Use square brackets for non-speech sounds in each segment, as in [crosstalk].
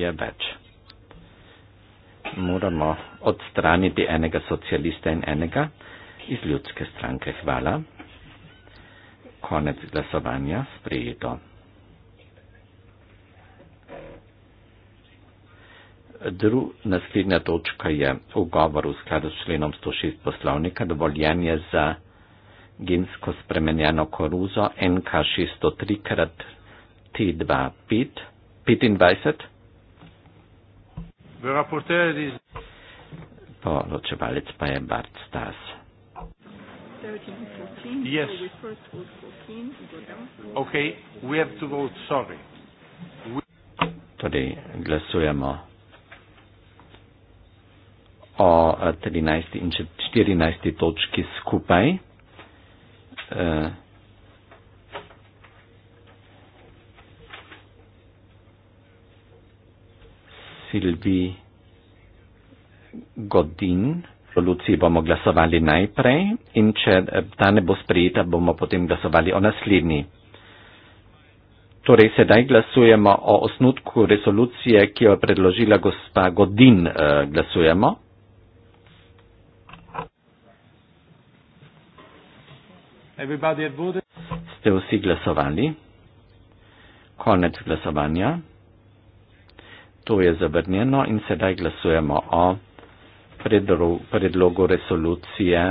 je več. Moramo odstraniti enega socialista in enega iz ljudske stranke. Hvala. Konec glasovanja, sprejeto. Druga naslednja točka je ugovor v skladu s členom 106 poslovnika, dovoljenje za gensko spremenjeno koruzo NK603 krat T25. Le rapporteur dit. Bon, l'autre cheval est pas un Bart Stas. Yes. Ok, we have to vote, sorry. We... Tady torej, hlasujeme o 13. 14. točky skupaj. Uh, Silvi Godin, o Luciji bomo glasovali najprej in če eh, ta ne bo sprejeta, bomo potem glasovali o naslednji. Torej, sedaj glasujemo o osnutku resolucije, ki jo je predložila gospa Godin. Eh, glasujemo. Ste vsi glasovali? Konec glasovanja to je zavrnjeno in sedaj glasujemo o predlogu resolucije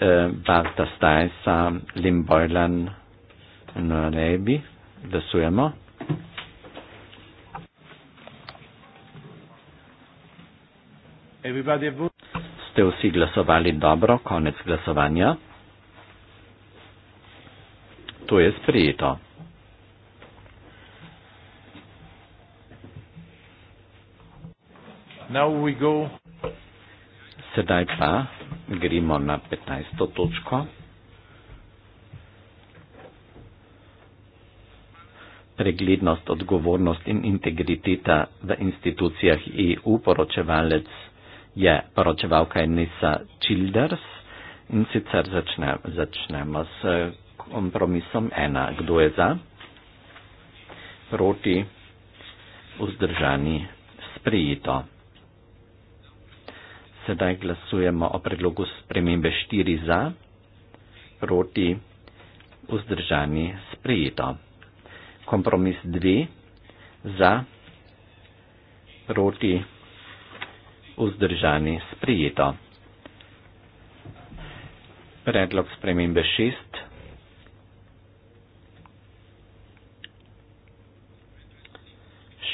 eh, Balta Stajsa, Limbojlen, Nurebi. Glasujemo. Ste vsi glasovali dobro, konec glasovanja? To je sprijeto. Sedaj pa gremo na 15. točko. Preglednost, odgovornost in integriteta v institucijah EU poročevalec je poročevalka Enisa Childers in sicer začne, začnemo s kompromisom ena. Kdo je za? Proti, vzdržani, sprejeto. Sedaj glasujemo o predlogu spremembe 4 za, proti, vzdržani, sprejeto. Kompromis 2 za, proti, vzdržani, sprejeto. Predlog spremembe 6.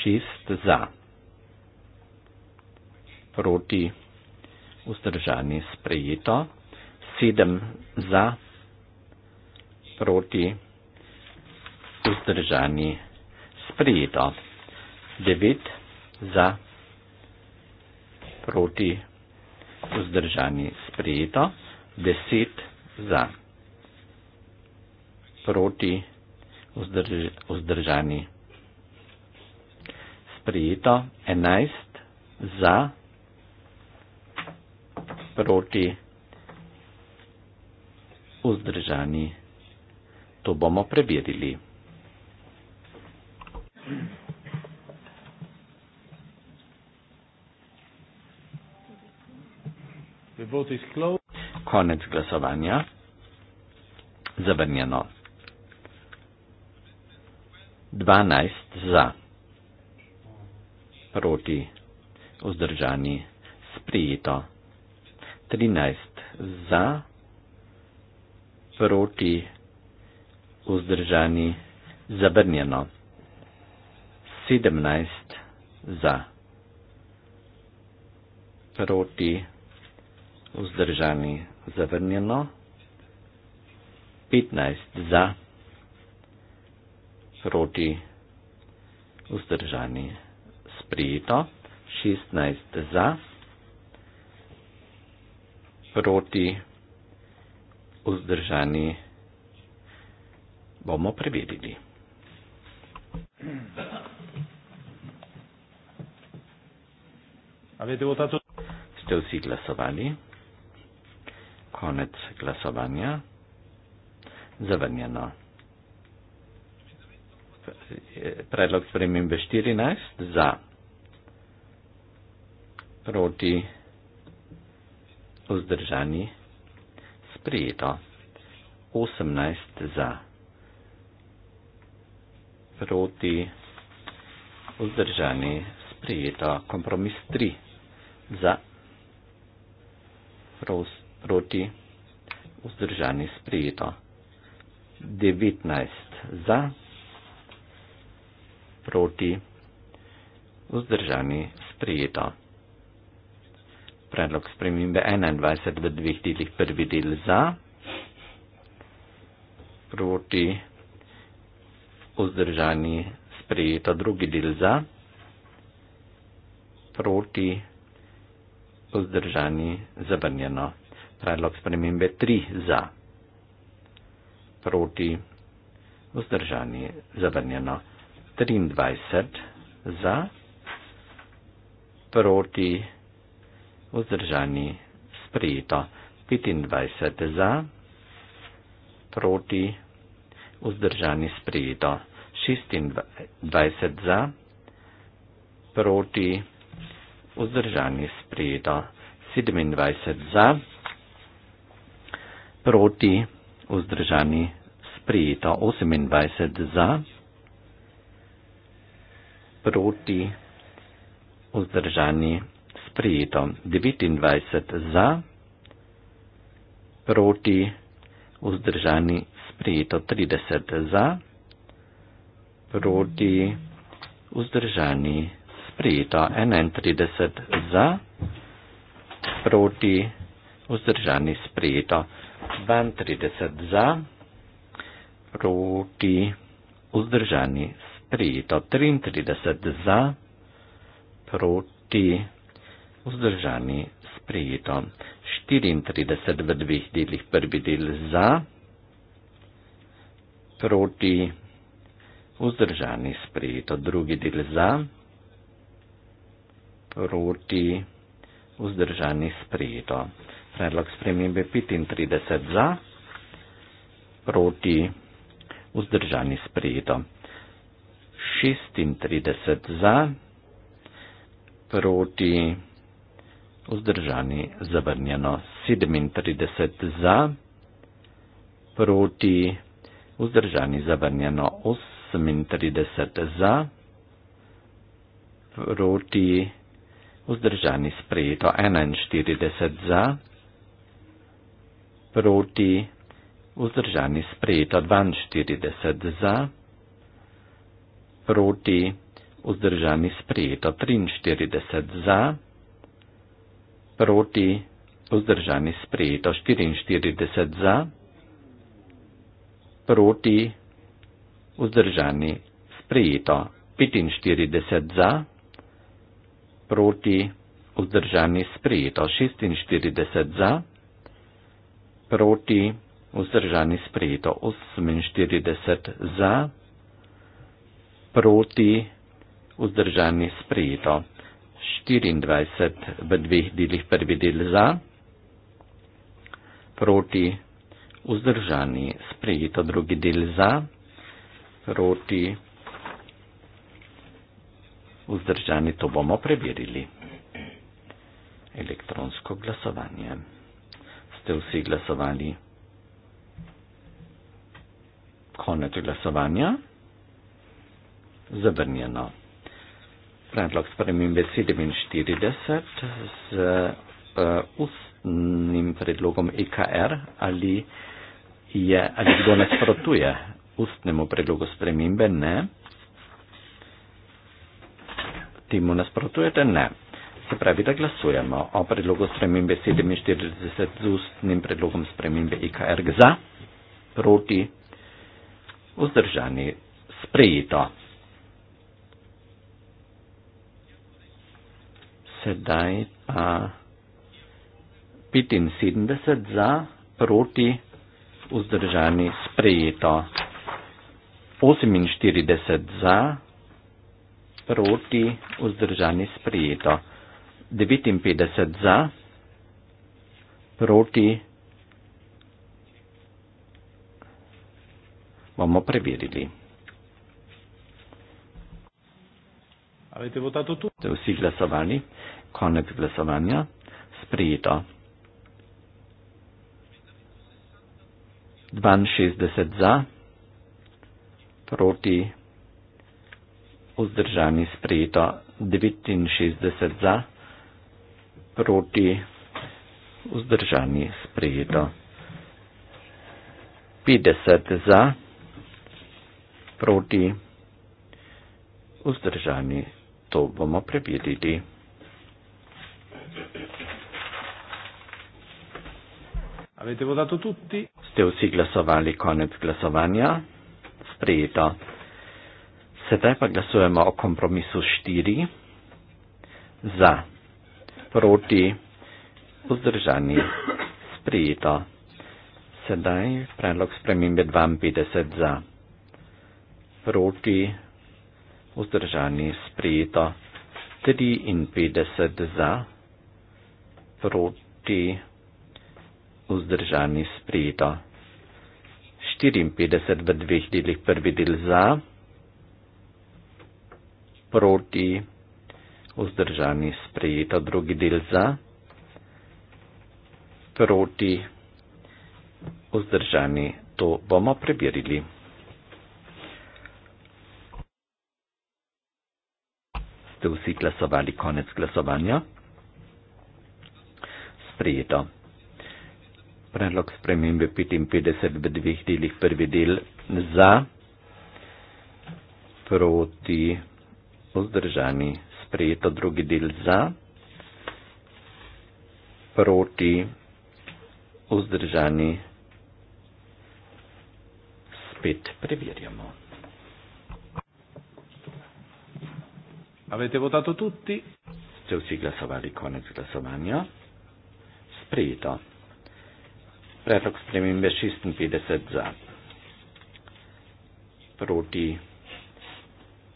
Šest za, proti, vzdržani vzdržani sprejeto, sedem za, proti vzdržani sprejeto, devet za, proti vzdržani sprejeto, deset za, proti vzdržani sprejeto, enajst za, proti vzdržani sprejeto, proti vzdržani. To bomo preverili. Konec glasovanja. Zavrnjeno. 12 za. Proti. Vzdržani. Sprijeto. 13 za, proti, vzdržani, zabrnjeno. 17 za, proti, vzdržani, zavrnjeno. 15 za, proti, vzdržani, sprijeto. 16 za, proti, vzdržani, sprijeto proti vzdržani, bomo prevedili. Ste vsi glasovali? Konec glasovanja. Zavrnjeno. Predlog spremembe 14 za proti vzdržani, sprijeto 18 za, proti vzdržani, sprijeto kompromis 3 za, proti vzdržani, sprijeto 19 za, proti vzdržani, sprijeto 19 za predlog spremembe 21 v dveh delih, prvi del za, proti vzdržani sprejeta, drugi del za, proti vzdržani zavrnjeno, predlog spremembe 3 za, proti vzdržani zavrnjeno, 23 za, proti vzdržani zavrnjeno vzdržani, sprijeto. 25 za, proti, vzdržani, sprijeto. 26 za, proti, vzdržani, sprijeto. 27 za, proti, vzdržani, sprijeto. 28 za, proti, vzdržani, sprijeto sprejeto. 29 za, proti, vzdržani, sprejeto. 30 za, proti, vzdržani, sprejeto. 31 za, proti, vzdržani, sprejeto. 32 za, proti, vzdržani, sprejeto. 33 za, proti, vzdržani sprijeto. 34 v dveh delih, prvi del za, proti, vzdržani sprijeto, drugi del za, proti, vzdržani sprijeto. Predlog spremembe 35 za, proti, vzdržani sprijeto. 36 za, proti, vzdržani sprijeto vzdržani, zavrnjeno 37 za, proti vzdržani, zavrnjeno 38 za, proti vzdržani, sprejeto 41 za, proti vzdržani, sprejeto 42 za, proti vzdržani, sprejeto 43 za, proti, proti vzdržani sprejeto 44 za, proti vzdržani sprejeto 45 za, proti vzdržani sprejeto 46 za, proti vzdržani sprejeto 48 za, proti vzdržani sprejeto 24 v dveh delih, prvi del za, proti vzdržani, sprejeto drugi del za, proti vzdržani, to bomo preverili. Elektronsko glasovanje. Ste vsi glasovali? Konec glasovanja. Zavrnjeno predlog spremembe 47 z uh, ustnim predlogom EKR ali, je, ali kdo nasprotuje ustnemu predlogu spremembe? Ne. Temu nasprotujete? Ne. Se pravi, da glasujemo o predlogu spremembe 47 z ustnim predlogom spremembe EKR za, proti, vzdržani, sprejeto. sedaj pa 75 za, proti, vzdržani, sprejeto. 48 za, proti, vzdržani, sprejeto. 59 za, proti. Bomo preverili. Avete votato tutti? Vsi glasovali, konec glasovanja, sprejeto. 62 za, proti, vzdržani sprejeto. 69 za, proti, vzdržani sprejeto. 50 za, proti, vzdržani sprejeto to bomo prebirili. Avete votato tutti? Ste vsi glasovali konec glasovanja? Sprejeto. Sedaj pa glasujemo o kompromisu 4. Za. Proti. Vzdržani. Sprejeto. Sedaj predlog spremembe 52 za. Proti vzdržani sprejeta 53 za, proti vzdržani sprejeta 54 v dveh delih prvi del za, proti vzdržani sprejeta drugi del za, proti vzdržani to bomo preverili. ste vsi glasovali konec glasovanja. Sprejeto. Predlog spremembe 55 v dveh delih. Prvi del za, proti, vzdržani. Sprejeto drugi del za, proti, vzdržani. Spet preverjamo. Avete votato tutti? Se si glasovali konec glasovanja, sprijeto. Predlog spremembe 56 za. Proti.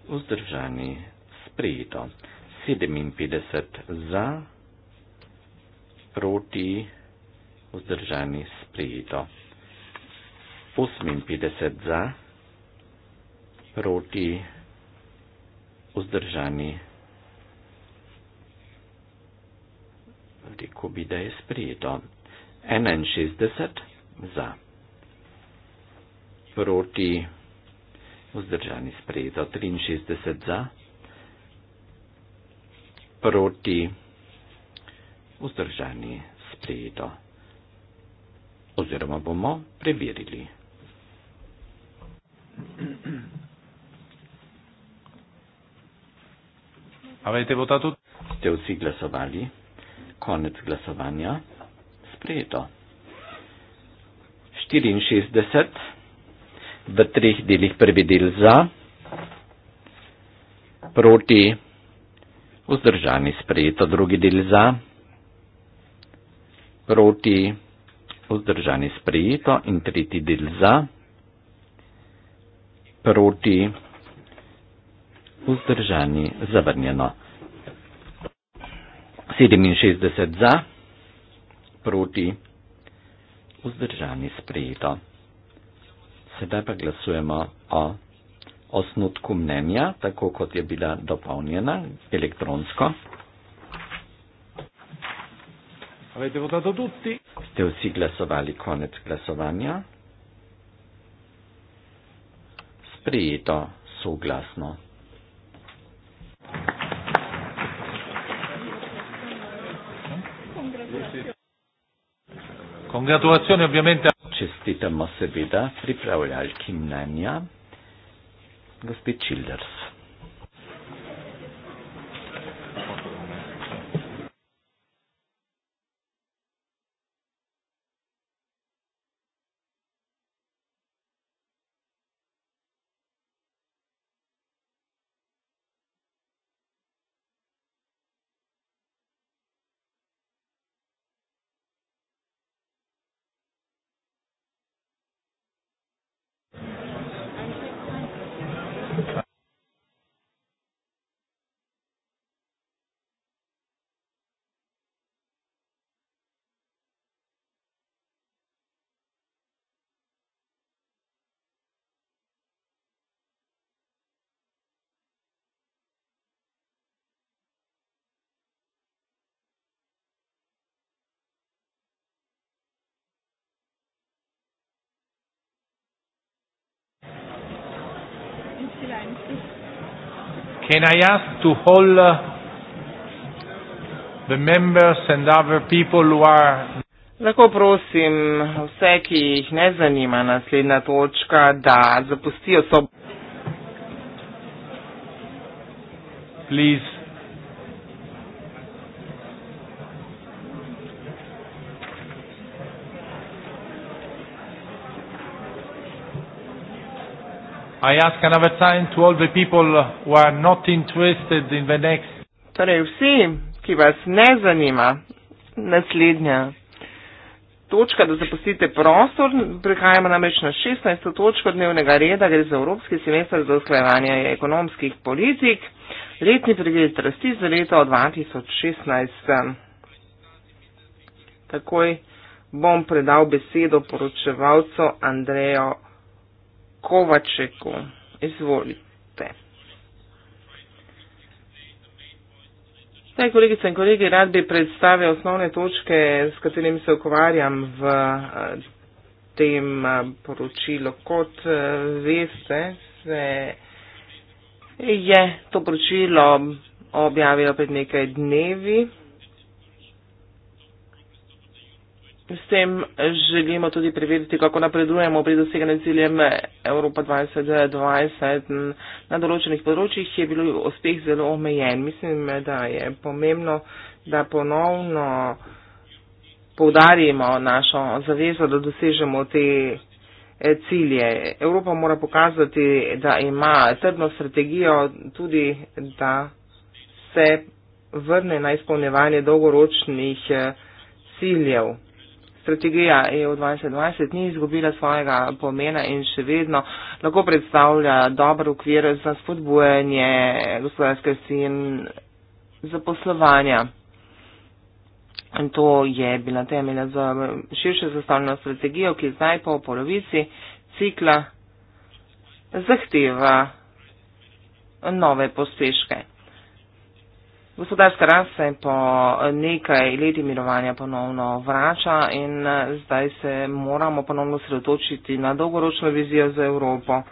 Vzdržani. Sprijeto. 57 za. Proti. Vzdržani. Sprijeto. 58 za. Proti vzdržani. Rekl bi, da je sprijeto. 61 za. Proti vzdržani sprejeto. 63 za. Proti vzdržani sprejeto. Oziroma bomo preverili. Avete votato? Ste vsi glasovali? Konec glasovanja. Sprejeto. 64 v treh delih prvi del za, proti, vzdržani sprejeto drugi del za, proti, vzdržani sprejeto in tretji del za, proti vzdržani zavrnjeno. 67 za, proti, vzdržani sprejeto. Sedaj pa glasujemo o osnutku mnenja, tako kot je bila dopolnjena elektronsko. Ste vsi glasovali konec glasovanja? Sprejeto, soglasno. Congratulazioni ovviamente a... Čestitamo seveda pripravljalki mnenja, gospod Childers. can I ask to all uh, the members and other people who are Lahko prosim vse, ki jih ne zanima naslednja točka, da zapustijo sobo. Please Torej vsi, ki vas ne zanima, naslednja točka, da zapustite prostor, prihajamo namreč na 16. točko dnevnega reda, gre za Evropski semester za usklajevanje ekonomskih politik, letni pregled rasti za leto 2016. Takoj bom predal besedo poročevalcu Andrejo Kovačeku. Izvolite. Zdaj, kolegice in kolegi, rad bi predstavil osnovne točke, s katerimi se ukvarjam v eh, tem eh, poročilu. Kot eh, veste, se je to poročilo objavilo pred nekaj dnevi. S tem želimo tudi preveriti, kako napredujemo pri doseganju ciljem Evropa 2020. Na določenih področjih je bil uspeh zelo omejen. Mislim, da je pomembno, da ponovno poudarimo našo zavezo, da dosežemo te eh, cilje. Evropa mora pokazati, da ima trdno strategijo, tudi da se vrne na izpolnevanje dolgoročnih eh, ciljev strategija EU 2020 ni izgubila svojega pomena in še vedno lahko predstavlja dober ukvir za spodbujanje gospodarske sin zaposlovanja. In to je bila temelja za širše zastavljeno strategijo, ki zdaj po polovici cikla zahteva nove posežke. Gospodarska rast se po nekaj leti mirovanja ponovno vrača in zdaj se moramo ponovno sredotočiti na dolgoročno vizijo za Evropo.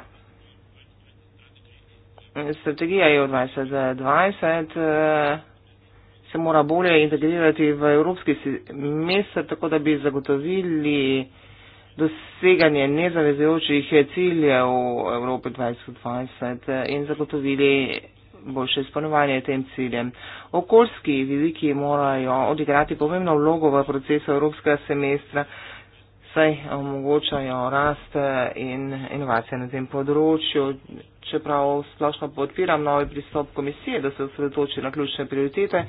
Strategija EU 2020 eh, se mora bolje integrirati v evropski mesec, tako da bi zagotovili doseganje nezavezujočih ciljev Evrope 2020 eh, in zagotovili boljše izpolnjevanje tem ciljem. Okoljski vidiki morajo odigrati pomembno vlogo v procesu evropskega semestra, saj omogočajo rast eh, in inovacije na tem področju. Čeprav splošno podpiram novi pristop komisije, da se osredotoči na ključne prioritete,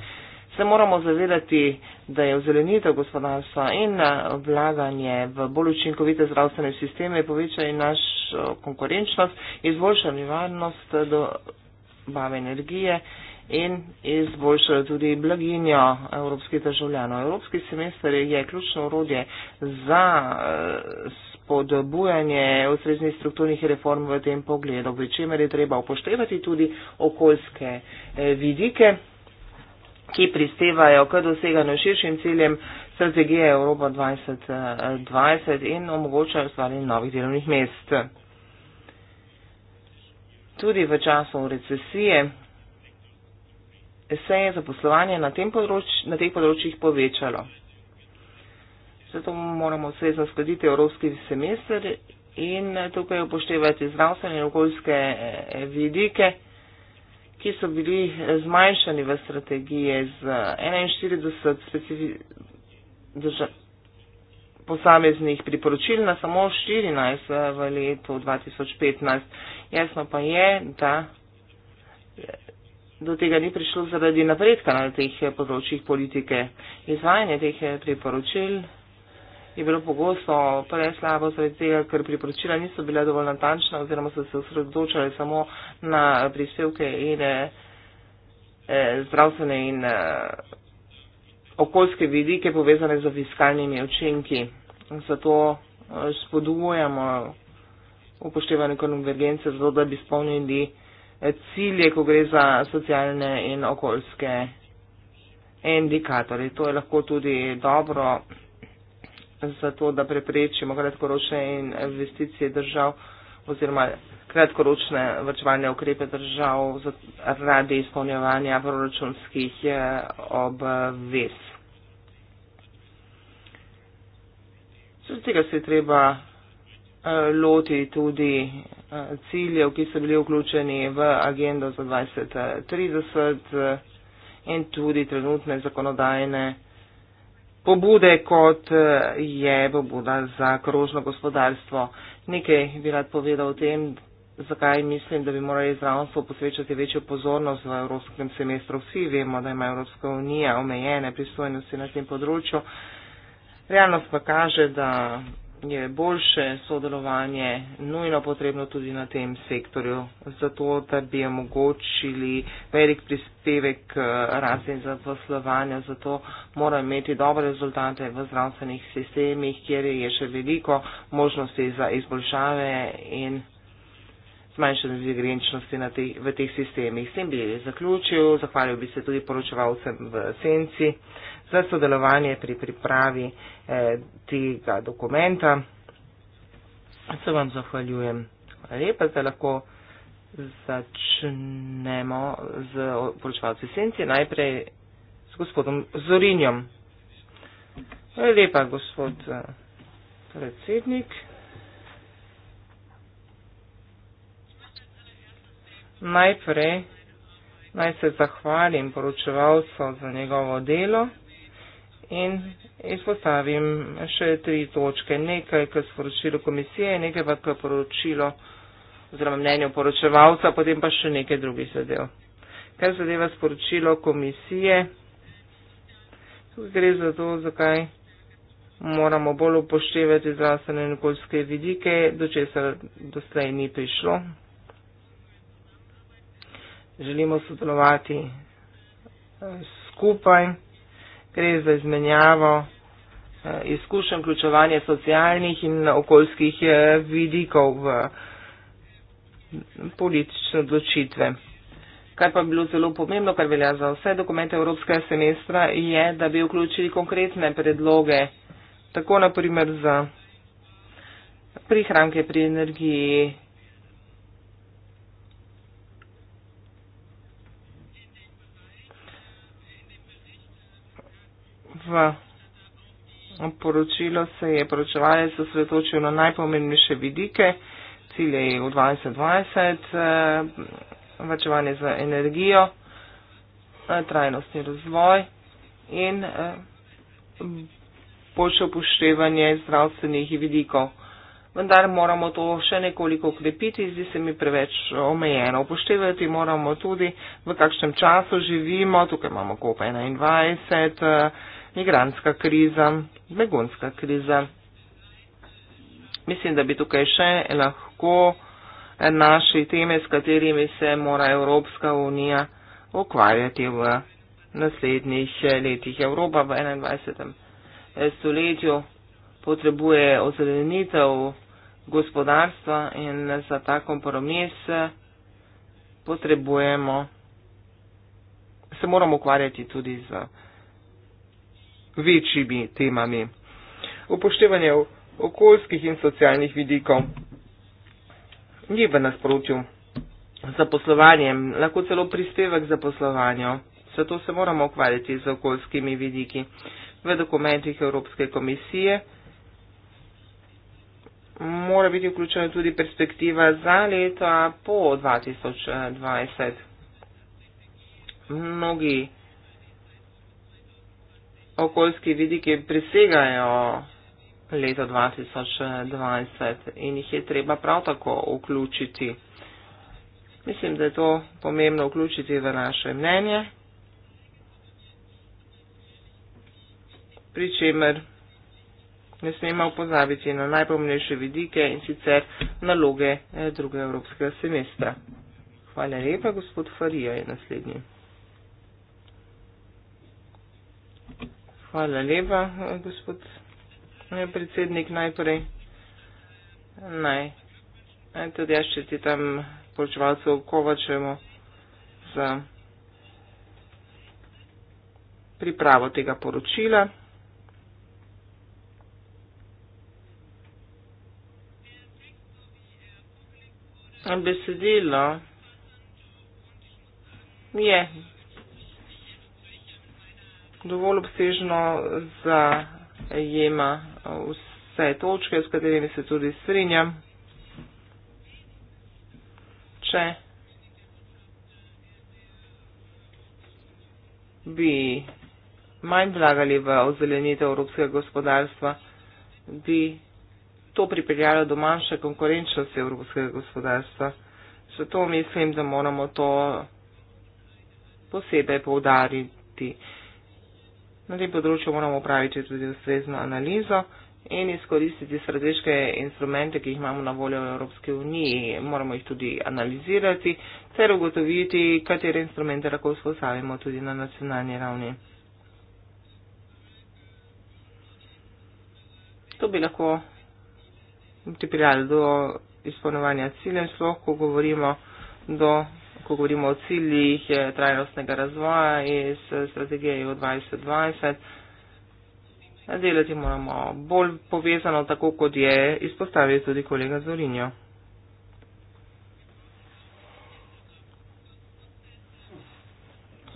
se moramo zavedati, da je ozelenitev gospodarstva in eh, vlaganje v bolj učinkovite zdravstvene sisteme povečali naš konkurenčnost, izboljšali varnost bave energije in izboljšajo tudi blaginjo evropskih državljanov. Evropski semester je ključno urodje za eh, spodbujanje ustreznih strukturnih reform v tem pogledu, pri čemer je treba upoštevati tudi okoljske eh, vidike ki prispevajo k doseganju širšim ciljem strategije Evropa 2020 eh, in omogočajo ustvarjanje novih delovnih mest tudi v času recesije se je zaposlovanje na, področ, na teh področjih povečalo. Zato moramo vse zaskladiti evropski semester in tukaj upoštevati zdravstvene in okoljske eh, vidike, ki so bili eh, zmanjšani v strategije z 41 specifičnih držav posameznih priporočil na samo 14 eh, v letu 2015. Jasno pa je, da eh, do tega ni prišlo zaradi napredka na teh eh, področjih politike. Izvajanje teh priporočil je bilo pogosto prej slabo zaradi tega, ker priporočila niso bila dovolj natančna oziroma so se osredotočali samo na prispevke in zdravstvene in okoljske vidike povezane z fiskalnimi učinki. Zato eh, spodbujamo upoštevanje konvergence, zato da bi spomnili eh, cilje, ko gre za socialne in okoljske indikatorje. To je lahko tudi dobro, zato da preprečimo kratkoročne investicije držav oziroma kratkoročne vrčevalne ukrepe držav radi izpolnjevanja proračunskih eh, obvez. Zaradi tega se je treba eh, loti tudi eh, ciljev, ki so bili vključeni v agendo za 2030 eh, in tudi trenutne zakonodajne pobude, kot je pobuda za krožno gospodarstvo. Nekaj bi rad povedal o tem, zakaj mislim, da bi morali zdravstvo posvečati večjo pozornost v evropskem semestru. Vsi vemo, da ima Evropska unija omejene pristojnosti na tem področju. Realnost pa kaže, da je boljše sodelovanje nujno potrebno tudi na tem sektorju, zato da bi omogočili velik prispevek k eh, razni zaposlovanja, zato mora imeti dobre rezultate v zdravstvenih sistemih, kjer je še veliko možnosti za izboljšave in zmanjšanje zigrenčnosti te, v teh sistemih. S tem bi zaključil, zahvalil bi se tudi poročevalcem v senci za sodelovanje pri pripravi eh, tega dokumenta. Se vam zahvaljujem. Lepa, da lahko začnemo z poročevalci senci, najprej s gospodom Zorinjom. Lepa, gospod eh, predsednik. Najprej naj se zahvalim poročevalcu za njegovo delo in izpostavim še tri točke. Nekaj k sporočilu komisije, nekaj pa k poročilu oziroma mnenju poročevalca, potem pa še nekaj drugih zadev. Kar zadeva sporočilo komisije, tukaj gre za to, zakaj moramo bolj upoštevati zdravstvene in okoljske vidike, do česar doslej ni prišlo. Želimo sodelovati eh, skupaj gre za izmenjavo eh, izkušenj, vključevanje socialnih in okoljskih eh, vidikov v politične odločitve. Kar pa bi bilo zelo pomembno, kar velja za vse dokumente Evropskega semestra, je, da bi vključili konkretne predloge, tako naprimer za prihranke pri energiji, v poročilo se je poročevalec osredotočil na najpomembnejše vidike, cilje je eh, v 2020, vračevanje za energijo, eh, trajnostni razvoj in eh, boljše upoštevanje zdravstvenih vidikov. Vendar moramo to še nekoliko ukrepiti, zdi se mi preveč omejeno. Upoštevati moramo tudi, v kakšnem času živimo, tukaj imamo COP21, migranska kriza, begunska kriza. Mislim, da bi tukaj še lahko naši teme, s katerimi se mora Evropska unija ukvarjati v naslednjih letih. Evropa v 21. stoletju potrebuje ozelenitev gospodarstva in za ta kompromis potrebujemo, se moramo ukvarjati tudi z večjimi temami. Upoštevanje okoljskih in socialnih vidikov ni v nasprotju z zaposlovanjem, lahko celo prispevek k zaposlovanju, zato se moramo ukvarjati z okoljskimi vidiki. V dokumentih Evropske komisije mora biti vključena tudi perspektiva za leta po 2020. Mnogi okoljski vidiki prisegajo leto 2020 in jih je treba prav tako vključiti. Mislim, da je to pomembno vključiti v naše mnenje, pri čemer ne smemo pozabiti na najpomnejše vidike in sicer naloge eh, drugega evropskega semestra. Hvala lepa, gospod Farija je naslednji. Hvala lepa, gospod eh, predsednik, najprej. Naj. Naj eh, tudi jaz čestitam počevalcu Kovačemu za pripravo tega poročila. Besedilo je dovolj obsežno zajema vse točke, s katerimi se tudi strinjam. Če bi manj vlagali v ozelenitev evropskega gospodarstva, bi to pripeljalo do manjše konkurenčnosti evropskega gospodarstva. Zato mislim, da moramo to posebej poudariti. Na tem področju moramo upraviti tudi ustrezno analizo in izkoristiti strateške instrumente, ki jih imamo na voljo v Evropski uniji. Moramo jih tudi analizirati ter ugotoviti, katere instrumente lahko vzpostavimo tudi na nacionalni ravni. To bi lahko pripeljalo do izpolnjevanja ciljev, sploh ko govorimo do ko govorimo o ciljih eh, trajnostnega razvoja iz eh, strategije EU 2020, delati moramo bolj povezano, tako kot je izpostavil tudi kolega Zorinjo.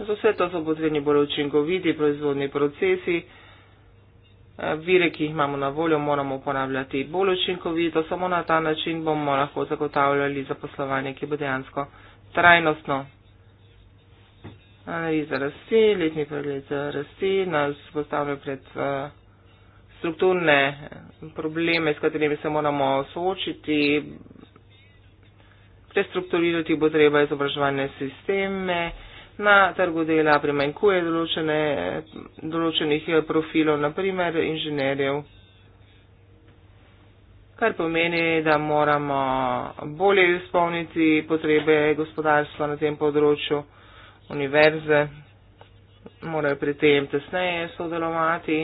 Za vse to so potrebni bolj učinkoviti proizvodni procesi. Eh, vire, ki jih imamo na voljo, moramo uporabljati bolj učinkovito, samo na ta način bomo lahko zagotavljali zaposlovanje, ki bo dejansko trajnostno. Analiza rasti, letni pregled rasti nas postavlja pred uh, strukturne probleme, s katerimi se moramo soočiti. Prestrukturirati bo treba izobraževanje sisteme, na trgu dela primanjkuje določene, določenih eh, profilov, naprimer inženirjev kar pomeni, da moramo bolje izpolniti potrebe gospodarstva na tem področju. Univerze morajo pri tem tesneje sodelovati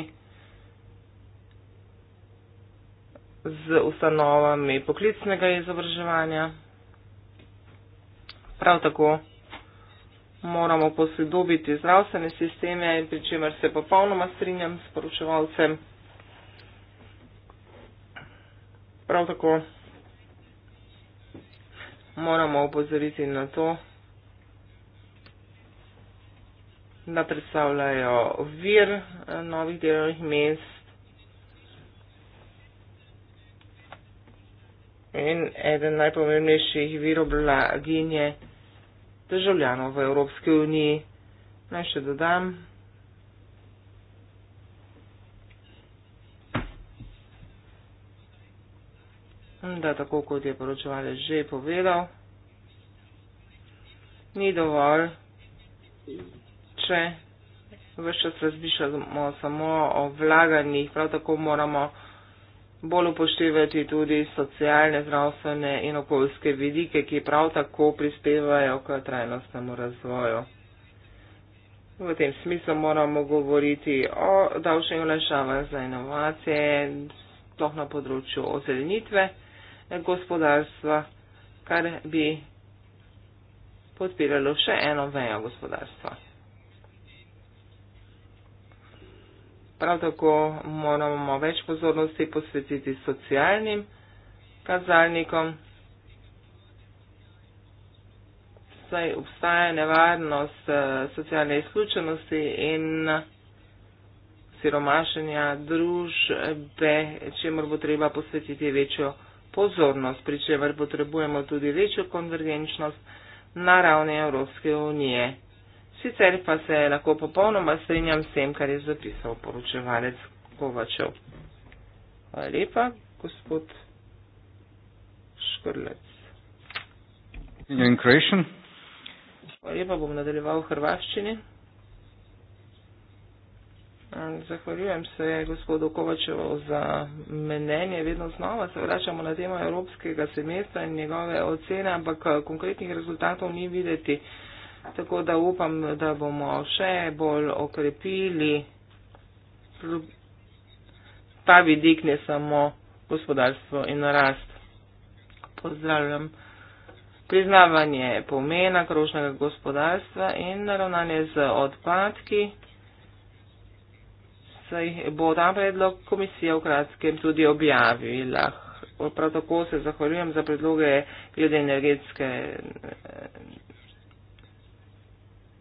z ustanovami poklicnega izobraževanja. Prav tako moramo posodobiti zdravstvene sisteme, pri čemer se popolnoma strinjam s poročevalcem. Prav tako moramo upozoriti na to, da predstavljajo vir eh, novih delovnih mest. In eden najpomembnejših virov blaginje državljanov v Evropski uniji. Naj še dodam, da tako kot je poročevalec že povedal, ni dovolj, če vse čas razmišljamo samo o vlaganjih, prav tako moramo bolj upoštevati tudi socialne, zdravstvene in okoljske vidike, ki prav tako prispevajo k trajnostnemu razvoju. V tem smislu moramo govoriti o davčnih olajšavah za inovacije, sploh na področju ozelenitve gospodarstva, kar bi podpiralo še eno vejo gospodarstva. Prav tako moramo več pozornosti posvetiti socialnim kazalnikom, saj obstaja nevarnost eh, socialne izključenosti in siromašenja družbe, čemu bo treba posvetiti večjo pozornost pozornost, pri čemer potrebujemo tudi večjo konvergenčnost na ravni Evropske unije. Sicer pa se lahko popolnoma strinjam s tem, kar je zapisal poročevalec Kovačev. Hvala lepa, gospod Škrlec. Hvala lepa, bom nadaljeval v hrvaščini. Zahvaljujem se gospodu Kovačevu za menenje. Vedno znova se vračamo na temo evropskega semestra in njegove ocene, ampak eh, konkretnih rezultatov ni videti. Tako da upam, da bomo še bolj okrepili ta vidik, ne samo gospodarstvo in rast. Pozdravljam. Priznavanje pomena krožnega gospodarstva in naravnanje z odpadki saj bo ta predlog komisija v kratkem tudi objavila. Prav tako se zahvaljujem za predloge glede energetske eh,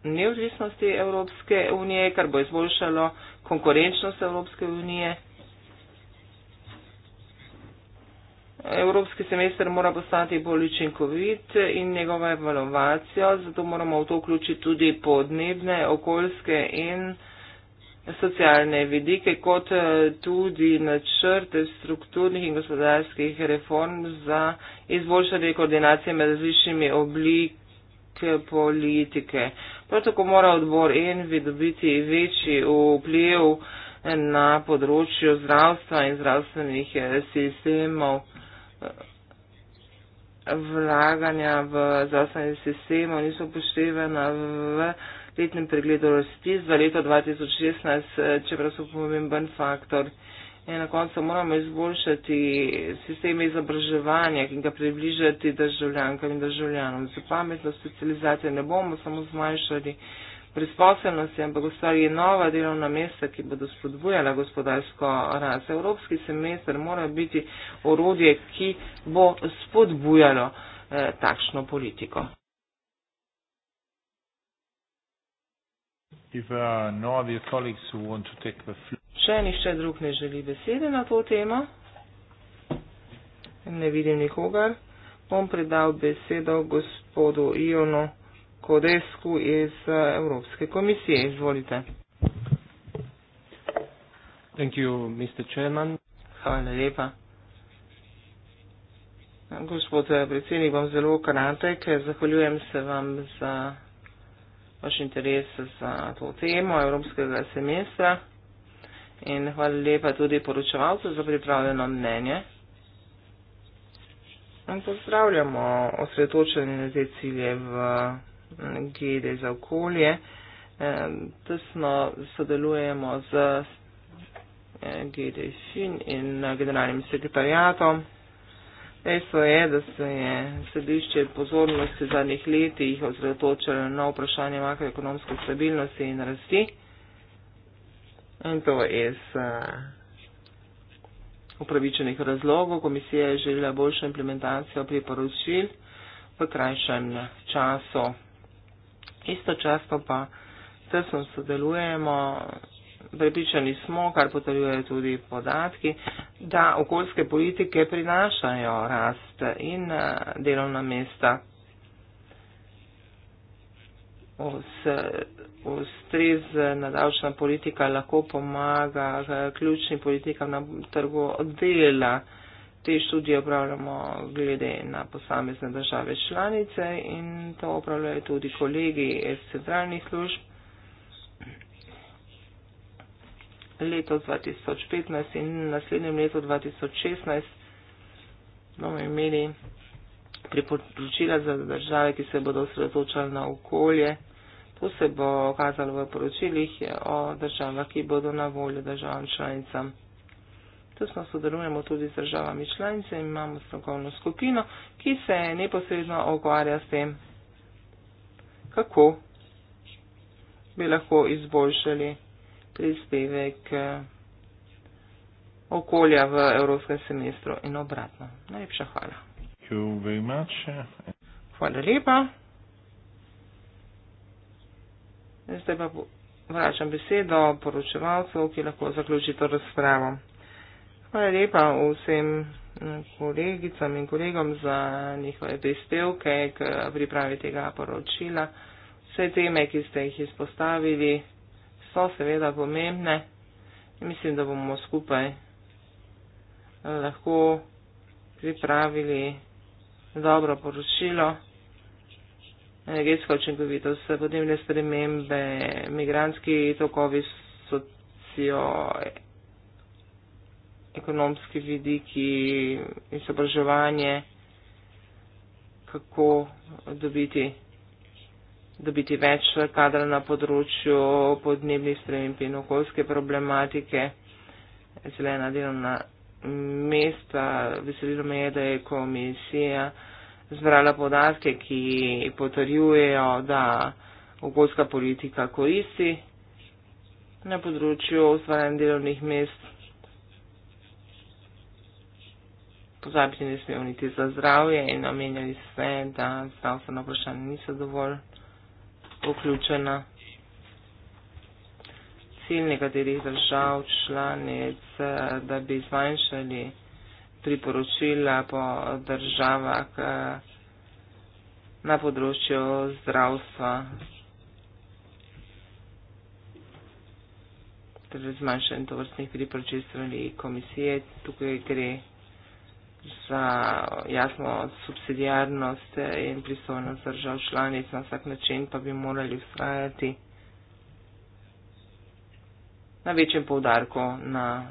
neodvisnosti Evropske unije, kar bo izboljšalo konkurenčnost Evropske unije. Evropski semester mora postati bolj učinkovit in njegova evaluacija, zato moramo v to vključiti tudi podnebne, okoljske in socialne vidike, kot eh, tudi načrte strukturnih in gospodarskih reform za izboljšanje koordinacije med različnimi oblike politike. Prav tako mora odbor ENVI dobiti večji vpliv na področju zdravstva in zdravstvenih eh, sistemov eh, vlaganja v zdravstvene sisteme niso upoštevana v letnem pregledu rasti za leto 2016, eh, čeprav so pomemben faktor. In na koncu moramo izboljšati sistem izobraževanja in ga približati državljankam in državljanom. Za pametno specializacijo ne bomo samo zmanjšali prisposobnosti, ampak ustvarili nova delovna mesta, ki bodo spodbujala gospodarsko rast. Evropski semester mora biti orodje, ki bo spodbujalo eh, takšno politiko. Če no nišče drug ne želi besede na to temo, ne vidim nikogar, bom predal besedo gospodu Ionu Kodesku iz eh, Evropske komisije. Izvolite. You, Hvala lepa. Gospod eh, predsednik, bom zelo kratek. Zahvaljujem se vam za vaš interes za to temo evropskega semestra in hvala lepa tudi poročevalcu za pripravljeno mnenje. In pozdravljamo osredotočenje na te cilje v GD za okolje. E, tesno sodelujemo z e, GD Fin in e, generalnim sekretarjatom. Dejstvo je, da se je središče pozornosti v zadnjih letih ozredotočilo na vprašanje makroekonomske stabilnosti in rasti. In to iz eh, upravičenih razlogov. Komisija je želela boljšo implementacijo priporočil v krajšem času. Istočasno pa tesno sodelujemo Pripričani smo, kar potrjujejo tudi podatki, da okoljske politike prinašajo rast in eh, delovna mesta. Ustrez nadavčna politika lahko pomaga ključnim politikam na trgu dela. Te študije upravljamo glede na posamezne države članice in to upravljajo tudi kolegi iz centralnih služb. leto 2015 in naslednjem letu 2016 bomo imeli priporočila za države, ki se bodo osredotočali na okolje. To se bo okazalo v poročilih o državah, ki bodo na voljo državam članicam. Tu smo sodelujemo tudi z državami članice in imamo strokovno skupino, ki se neposredno ukvarja s tem, kako bi lahko izboljšali prispevek eh, okolja v evropskem semestru in obratno. Najlepša hvala. Hvala lepa. Zdaj pa vračam besedo poročevalcu, ki lahko zaključi to razpravo. Hvala lepa vsem eh, kolegicam in kolegom za njihove prispevke k pripravi tega poročila. Vse teme, ki ste jih izpostavili so seveda pomembne in mislim, da bomo skupaj eh, lahko pripravili dobro poročilo. Energetska učinkovitost, podnebne spremembe, migranski tokovi, socio, ekonomski vidiki, izobraževanje, kako dobiti dobiti več kadra na področju podnebnih sprememb in okoljske problematike, zelena delovna mesta. Veselilo me je, da je komisija zbrala podatke, ki potrjujejo, da okoljska politika koristi na področju ustvarjanja delovnih mest. Pozabiti ne smemo niti za zdravje in omenjali ste, da zdravstveno vprašanje niso dovolj vključena. Cilj nekaterih držav članic, da bi zmanjšali priporočila po državah na področju zdravstva ter torej zmanjšanje tovrstnih priporočil strani komisije. Tukaj gre za jasno subsidijarnost in pristojnost držav članic na vsak način, pa bi morali ustrajati na večjem povdarku na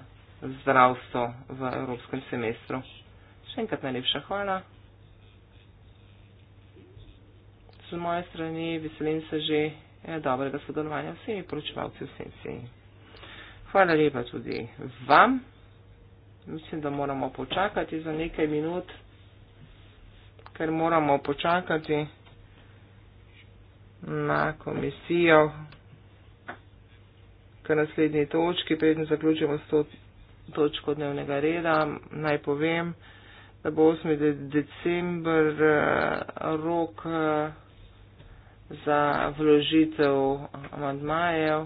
zdravstvo v evropskem semestru. Še enkrat najlepša hvala. Z moje strani veselim se že eh, dobrega sodelovanja vsemi poročevalci v senci. Hvala lepa tudi vam. Mislim, da moramo počakati za nekaj minut, ker moramo počakati na komisijo k naslednji točki. Preden zaključimo s to točko dnevnega reda, naj povem, da bo 8. december eh, rok eh, za vložitev amantmajev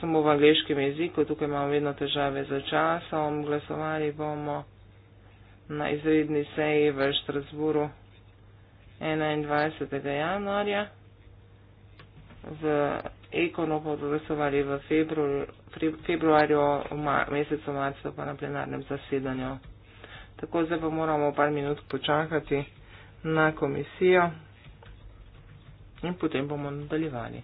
samo v angliškem jeziku, tukaj imamo vedno težave z časom, glasovali bomo na izredni seji v Štrasburu 21. januarja, v Ekonu bomo glasovali v februarju, februarju mar, mesecu marca pa na plenarnem zasedanju. Tako zdaj pa moramo par minut počakati na komisijo in potem bomo nadaljevali.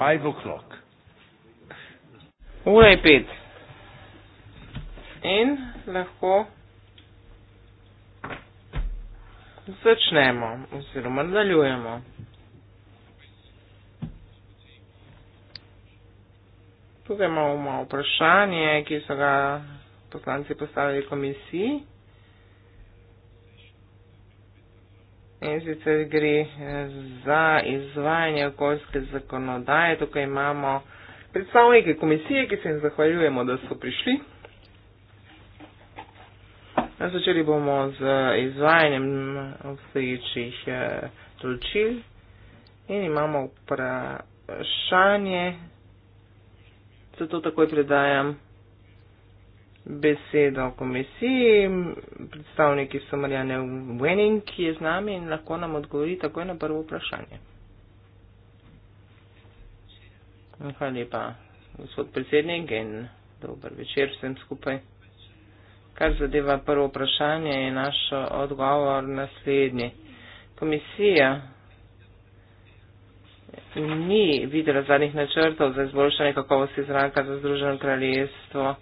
five o'clock. Ura je pet. In lahko začnemo oziroma nadaljujemo. Tukaj imamo vprašanje, ki so ga poslanci postavili komisiji. in sicer gre eh, za izvajanje okoljske zakonodaje. Tukaj imamo predstavnike komisije, ki se jim zahvaljujemo, da so prišli. Začeli bomo z izvajanjem obstoječih eh, določil in imamo vprašanje, zato takoj predajam besedo komisiji. Predstavniki so Marjane Wenning, ki je z nami in lahko nam odgovori takoj na prvo vprašanje. Hvala lepa, gospod predsednik in dober večer vsem skupaj. Kar zadeva prvo vprašanje, je naš odgovor naslednji. Komisija ni videla zadnjih načrtov za izboljšanje kakovosti zraka za Združeno kraljestvo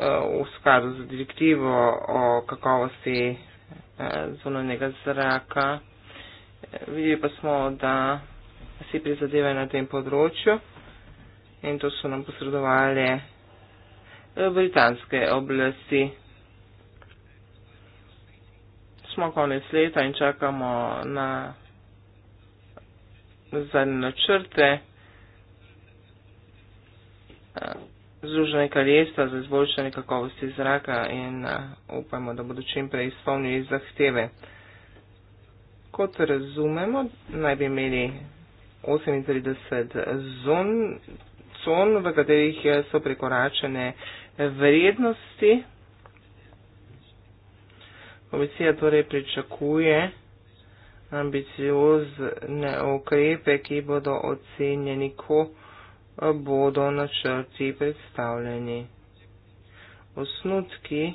v skladu z direktivo o kakovosti eh, zunanjega zraka. Videli pa smo, da si prizadevajo na tem področju in to so nam posredovali eh, britanske oblasti. Smo konec leta in čakamo na zadnje načrte. Eh, Združene kraljestva za izboljšanje kakovosti zraka in eh, upamo, da bodo čim prej izpolnili zahteve. Kot razumemo, naj bi imeli 38 zon, con, v katerih so prekoračene vrednosti. Komisija torej pričakuje ambiciozne ukrepe, ki bodo ocenjeni, ko bodo načrti predstavljeni. Osnutki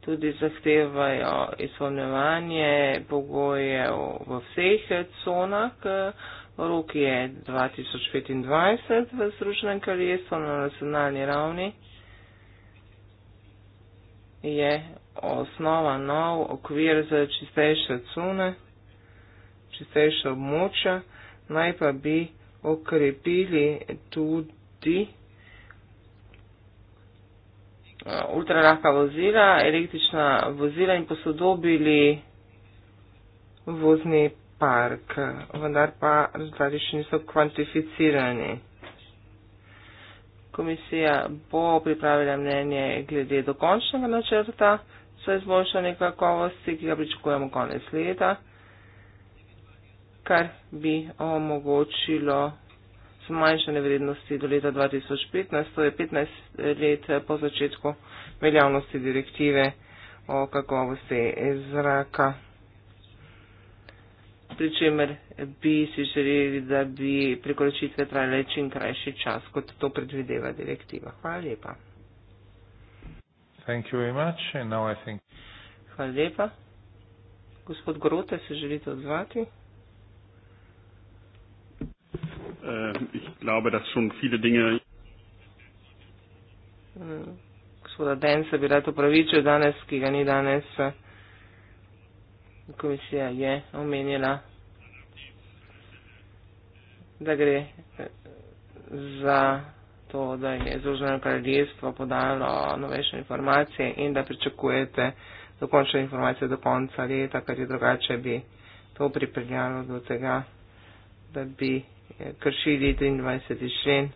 tudi zahtevajo izpolnjevanje pogojev v vseh zonah. V roki je 2025 v Združenem kraljestvu na nacionalni ravni. Je osnova nov okvir za čistejše cune, čistejše območja. Naj pa bi okrepili tudi eh, ultralahka vozila, električna vozila in posodobili vozni park, vendar pa rezultati še niso kvantificirani. Komisija bo pripravila mnenje glede dokončnega načrta za izboljšanje kakovosti, ki ga pričakujemo konec leta kar bi omogočilo zmanjšanje vrednosti do leta 2015, to je 15 let po začetku veljavnosti direktive o kakovosti zraka. Pričemer bi si želeli, da bi prekoračitve trajale čim krajši čas, kot to predvideva direktiva. Hvala lepa. Thank you very much. And now I think... Hvala lepa. Gospod Grote, se želite odzvati? äh, ich glaube, dass schon viele Dinge. Äh, gospoda Den se bi rad upravičil danes, ki ga ni danes, komisija je omenjena, da gre eh, za to, da je Združeno kraljestvo podalo novejše informacije in da pričakujete dokončne informacije do konca leta, ker je drugače bi to pripeljalo do tega, da bi kršili 23. člen,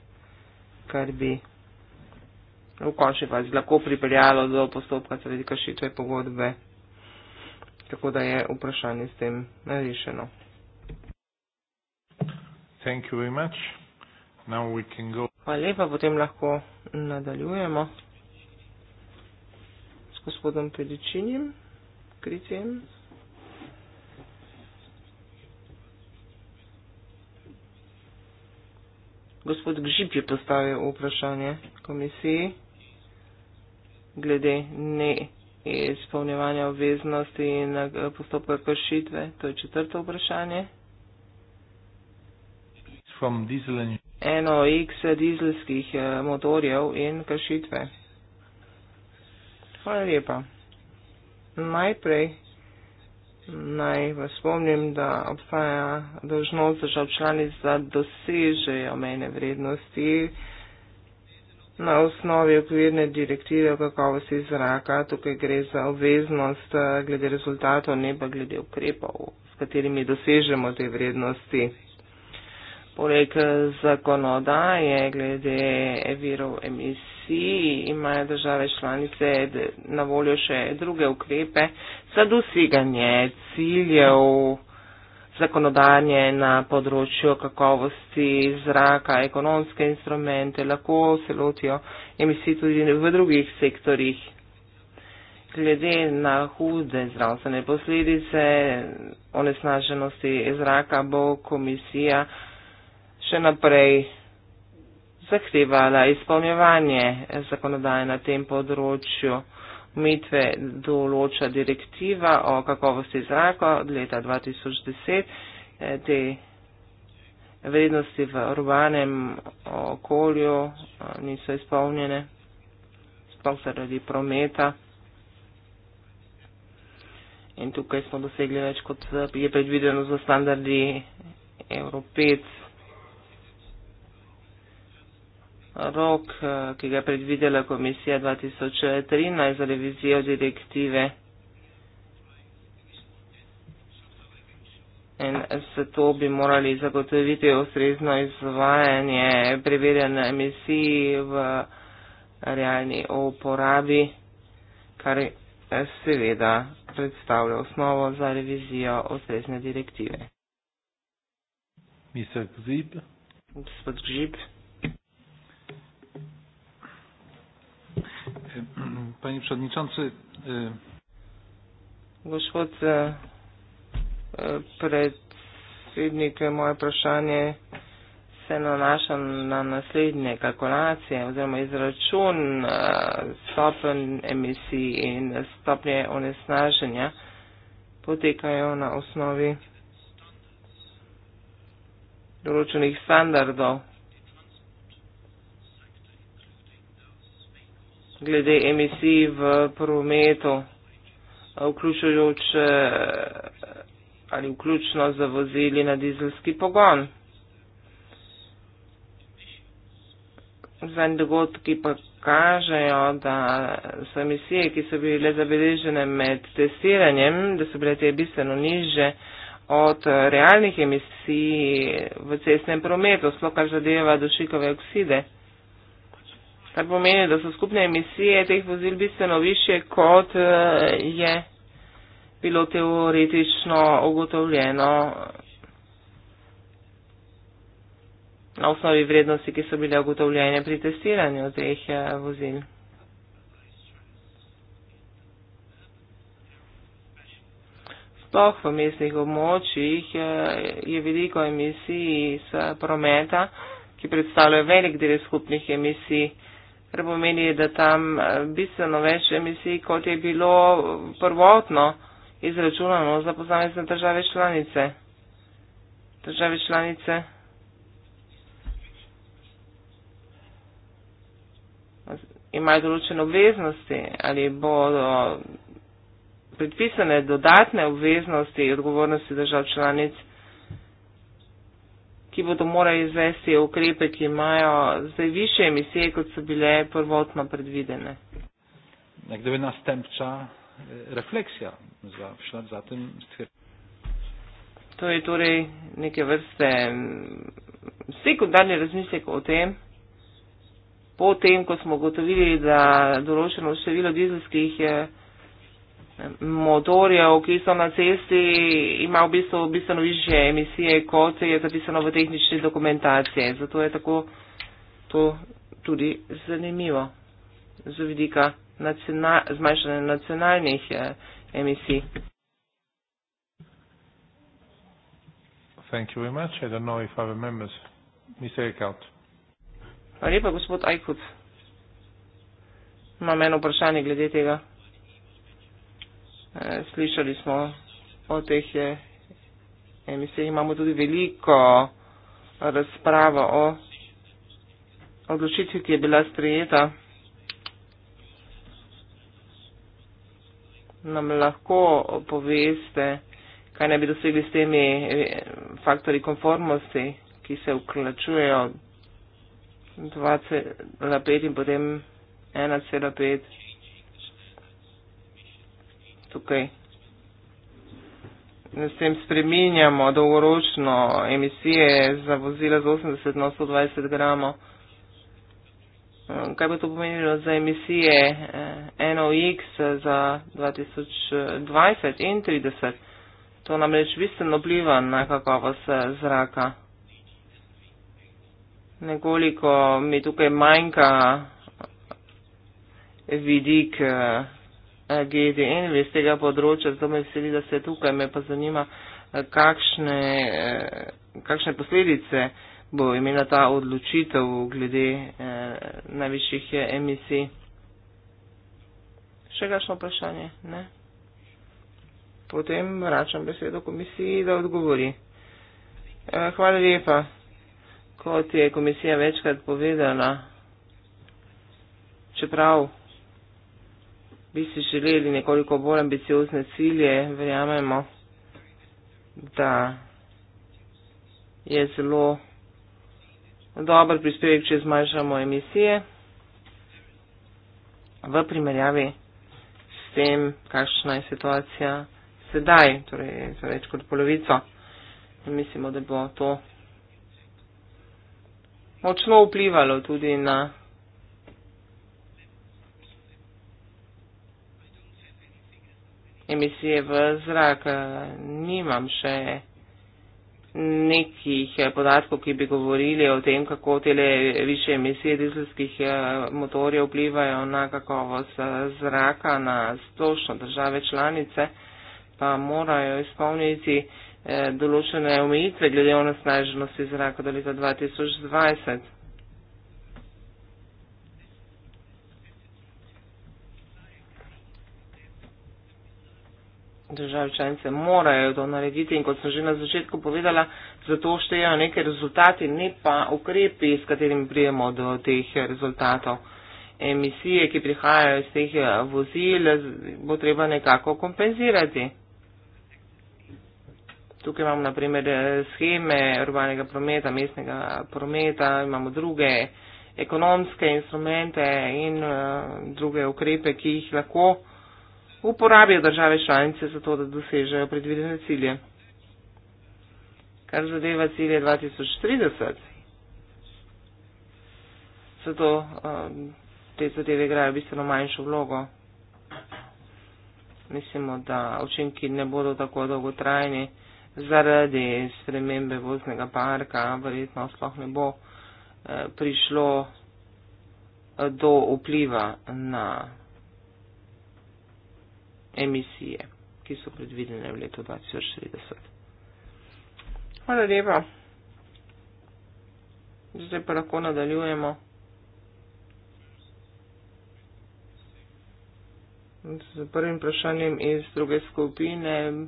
kar bi v končni fazi lahko pripeljalo do postopka zaradi kršitve pogodbe. Tako da je vprašanje s tem narišeno. Hvala lepa, potem lahko nadaljujemo s gospodom Pedičinim, Kricijem. gospod Gžip je postavil vprašanje komisiji glede ne izpolnjevanja obveznosti in eh, postopka kršitve. To je četrto vprašanje. Eno X dizelskih eh, motorjev in kršitve. Hvala lepa. Najprej Naj vas spomnim, da obstaja dožnost držav članic, da dosežejo mejne vrednosti na osnovi okvirne direktive o kakovosti zraka. Tukaj gre za obveznost eh, glede rezultatov, ne pa glede ukrepov, s katerimi dosežemo te vrednosti. Poleg eh, zakonodaje glede virov emisij imajo države članice na voljo še druge ukrepe za doseganje ciljev zakonodanje na področju kakovosti zraka, ekonomske instrumente, lahko se lotijo emisij tudi v drugih sektorjih. Glede na hude zdravstvene posledice onesnaženosti zraka bo komisija še naprej zahtevala izpolnjevanje zakonodaje na tem področju. Umitve določa direktiva o kakovosti zraka od leta 2010. Eh, te vrednosti v urbanem okolju eh, niso izpolnjene, sploh zaradi prometa. In tukaj smo dosegli več, kot eh, je predvideno za standardi Evropec. rok, eh, ki ga je predvidela komisija 2013 za revizijo direktive. In se to bi morali zagotoviti ustrezno izvajanje preverjene emisiji v realni uporabi, kar seveda predstavlja osnovo za revizijo ustrezne direktive. Mislim, Gzip. Gospod Gzip. Panie Przewodniczący, e, Gospod e, e, predsednik, moje vprašanje se nanaša na naslednje kalkulacije oziroma izračun stopen emisij in stopnje onesnaženja potekajo na osnovi določenih standardov glede emisij v prometu, vključujoč eh, ali vključno za vozili na dizelski pogon. Zadnji dogodki pa kažejo, da so emisije, ki so bile zabeležene med testiranjem, da so bile te bistveno niže od realnih emisij v cestnem prometu, sploh kar zadeva dušikove okside kar pomeni, da so skupne emisije teh vozil bistveno više, kot eh, je bilo teoretično ugotovljeno na osnovi vrednosti, ki so bile ugotovljene pri testiranju teh eh, vozil. Sploh v mestnih območjih eh, je veliko emisij iz prometa, ki predstavljajo velik del skupnih emisij kar pomeni, da tam eh, bistveno več emisij, kot je bilo prvotno izračunano za posamezne države članice. Države članice. imajo določene obveznosti ali bodo predpisane dodatne obveznosti in odgovornosti držav članic ki bodo morali izvesti ukrepe, ki imajo zdaj više emisije, kot so bile prvotno predvidene. Nekdo je nas tempča refleksija za šlat za tem stvir. To je torej neke vrste sekundarni razmislek o tem, po tem, ko smo gotovili, da določeno število dizelskih je motorjev, ki so na cesti, ima v bistvu bistveno više emisije, kot je zapisano v tehnični dokumentaciji. Zato je tako to tudi zanimivo z vidika nacional, zmanjšanja nacionalnih eh, emisij. Thank you very much. I don't know if other members. Mr. Eckhout. Hvala lepa, gospod Eichhout. Imam eno vprašanje glede tega. Eh, slišali smo o teh eh, emisijah, imamo tudi veliko razpravo o odločitvi, ki je bila sprejeta. Nam lahko poveste, kaj ne bi dosegli s temi eh, faktori konformnosti, ki se vključujejo 2,5 in potem 1,5 tukaj s tem spreminjamo dolgoročno emisije za vozila z 80 na 120 gramov. Kaj bo to pomenilo za emisije eh, NOx za 2020 in 2030? To namreč bistveno vpliva na kakovost eh, zraka. Nekoliko mi tukaj manjka vidik eh, GDN iz tega področja, zato me veseli, da se tukaj me pa zanima, kakšne, eh, kakšne posledice bo imela ta odločitev glede eh, najvišjih eh, emisij. Še kakšno vprašanje? Ne? Potem vračam besedo komisiji, da odgovori. Hvala lepa. Kot je komisija večkrat povedala, čeprav bi si želeli nekoliko bolj ambiciozne cilje, verjamemo, da je zelo dober prispevek, če zmanjšamo emisije v primerjavi s tem, kakšna je situacija sedaj, torej za več kot polovico. In mislimo, da bo to močno vplivalo tudi na emisije v zrak. Nimam še nekih podatkov, ki bi govorili o tem, kako te više emisije dizelskih eh, motorjev vplivajo na kakovost eh, zraka na splošno države članice, pa morajo izpolniti eh, določene omejitve glede onesnaženosti zraka do leta 2020. države članice morajo to narediti in kot sem že na začetku povedala, zato štejejo neke rezultate, ne pa ukrepi, s katerimi prijemo do teh rezultatov. Emisije, ki prihajajo iz teh vozil, bo treba nekako kompenzirati. Tukaj imamo naprimer eh, scheme urbanega prometa, mestnega prometa, imamo druge ekonomske instrumente in uh, druge ukrepe, ki jih lahko uporabijo države članice za to, da dosežejo predvidene cilje. Kar zadeva cilje 2030, zato um, te zadeve igrajo bistveno manjšo vlogo. Mislimo, da učinki ne bodo tako dolgotrajni zaradi spremembe voznega parka, verjetno sploh ne bo eh, prišlo eh, do vpliva na emisije, ki so predvidene v letu 2060. Hvala lepa. Zdaj pa lahko nadaljujemo z prvim vprašanjem iz druge skupine.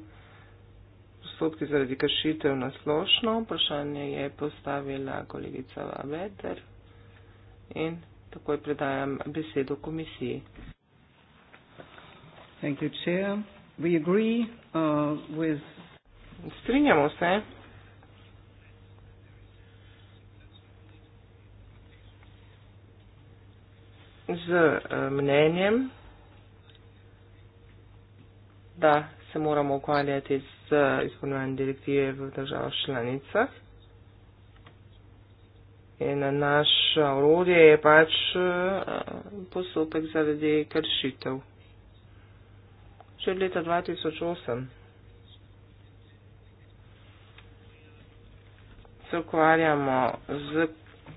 Postopki zaradi kršitev na splošno. Vprašanje je postavila kolegica Veder in takoj predajam besedo komisiji. Thank you, Chair. We agree uh, with Strinjamo se. z eh, mnenjem, da se moramo ukvarjati z izpolnjevanjem direktive v državah članicah. In naš orodje je pač eh, postopek zaradi kršitev že od leta 2008. Se ukvarjamo z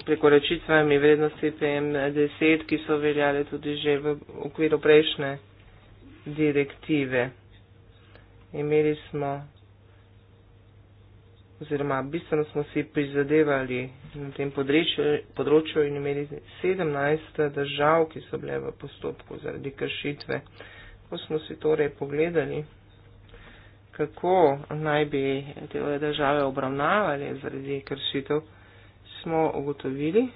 prekoračitvami vrednosti PM10, ki so veljale tudi že v okviru prejšnje direktive. Imeli smo oziroma bistveno smo si prizadevali na tem področju, področju in imeli 17 držav, ki so bile v postopku zaradi kršitve ko smo si torej pogledali, kako naj bi te države obravnavali zaradi kršitev, smo ugotovili,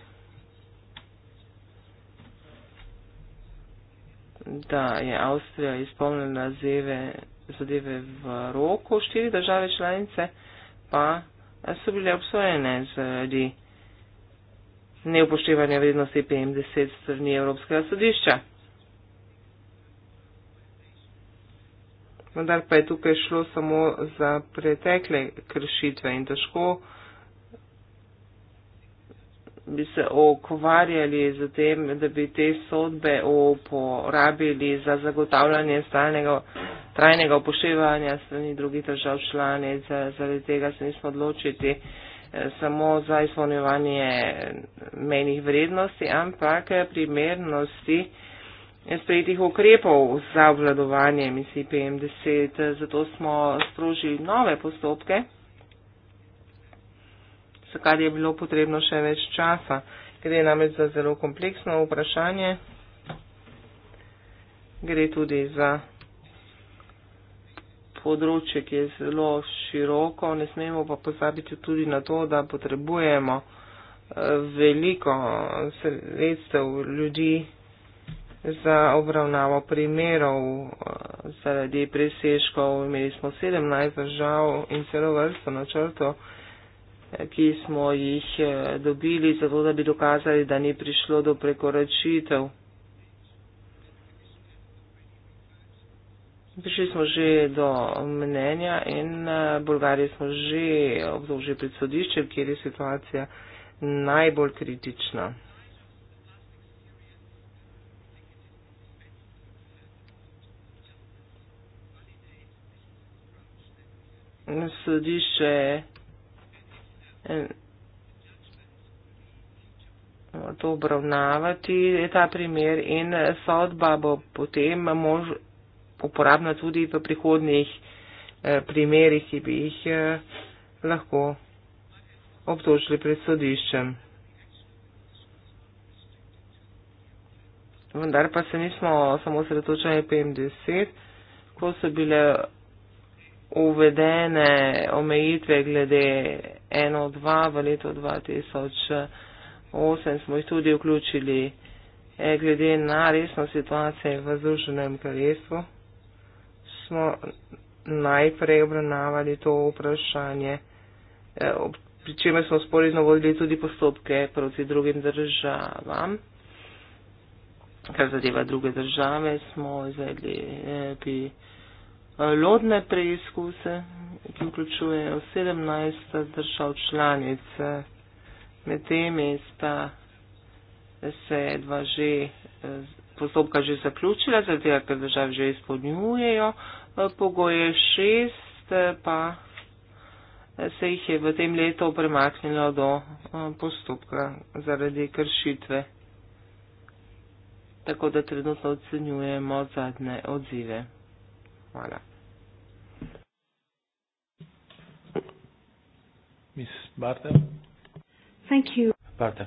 da je Avstrija izpolnila zeve, zadeve v roku, štiri države članice pa so bile obsojene zaradi neupoštevanja vrednosti PM10 strani Evropskega sodišča. vendar pa je tukaj šlo samo za pretekle kršitve in težko bi se okvarjali z tem, da bi te sodbe uporabili za zagotavljanje stalnega, trajnega upoštevanja strani drugih držav članic. Zaradi tega se nismo odločili eh, samo za izpolnjevanje menih vrednosti, ampak primernosti in sprejetih ukrepov za obvladovanje emisij PM10, zato smo sprožili nove postopke, za kar je bilo potrebno še več časa, ker je namreč za zelo kompleksno vprašanje. Gre tudi za področje, ki je zelo široko, ne smemo pa pozabiti tudi na to, da potrebujemo eh, veliko eh, sredstev ljudi, za obravnavo primerov eh, zaradi presežkov. Imeli smo 17 držav in celo vrsto načrto, eh, ki smo jih eh, dobili, zato da bi dokazali, da ni prišlo do prekoračitev. Prišli smo že do mnenja in Bolgarije smo že obdolžili pred sodiščem, kjer je situacija najbolj kritična. sledi še en, eh, to obravnavati ta primer in sodba bo potem mož, uporabna tudi v prihodnih eh, primerih, ki bi jih eh, lahko obtožili pred sodiščem. Vendar pa se nismo samo sredotočali PM10, ko so bile uvedene omejitve glede 1-2 v letu 2008 smo jih tudi vključili eh, glede na resno situacijo v Združenem kraljestvu. Smo najprej obravnavali to vprašanje, eh, pri čemer smo sporedno vodili tudi postopke proti drugim državam. Kar zadeva druge države, smo izvedli eh, pri. Eh, Eh, lodne preizkuse, ki vključujejo 17 držav članice. Med temi sta se dva že eh, postopka že zaključila, zato ker države že izpolnjujejo eh, pogoje šest, pa se jih je v tem letu premaknilo do postopka zaradi kršitve. Tako da trenutno ocenjujemo zadnje odzive. Hvala. Miss Barta. Thank you. Barta.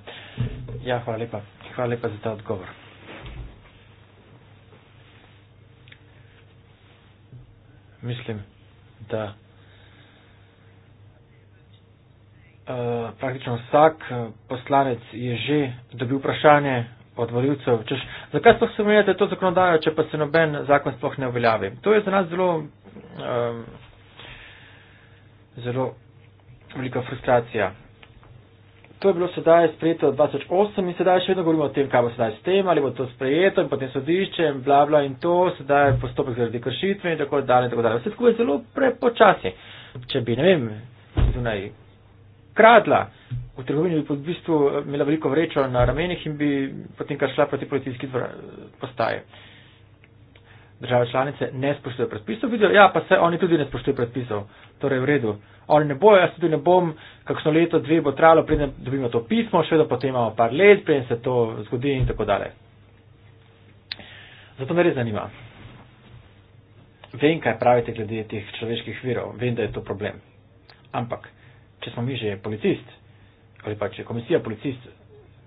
Ja, hvala lepa. Hvala lepa za ta odgovor. Mislim, da uh, praktično vsak eh, poslanec je že dobil vprašanje od voljivcev, češ, zakaj sploh se omenjate to zakonodajo, če pa se noben zakon sploh ne uveljavi. To je za nas zelo, um, zelo velika frustracija. To je bilo sedaj sprejeto 2008 in sedaj še vedno govorimo o tem, kaj bo sedaj s tem, ali bo to sprejeto in potem sodišče in bla bla in to, sedaj je postopek zaradi kršitve in tako dalje in tako dalje. Vse skupaj zelo prepočasi. Če bi, ne vem, zunaj ukradla v trgovini, bi v bistvu eh, imela veliko vrečo na ramenih in bi potem kar šla proti policijski eh, postaji. Države članice ne spoštujejo predpisov, vidijo, ja, pa se oni tudi ne spoštujejo predpisov, torej v redu. Oni ne bojo, jaz tudi ne bom, kakšno leto, dve bo trajalo, preden dobimo to pismo, še vedno potem imamo par let, preden se to zgodi in tako dalje. Zato me res zanima. Vem, kaj pravite glede teh človeških virov, vem, da je to problem. Ampak če smo mi že policist ali pa če je komisija policist,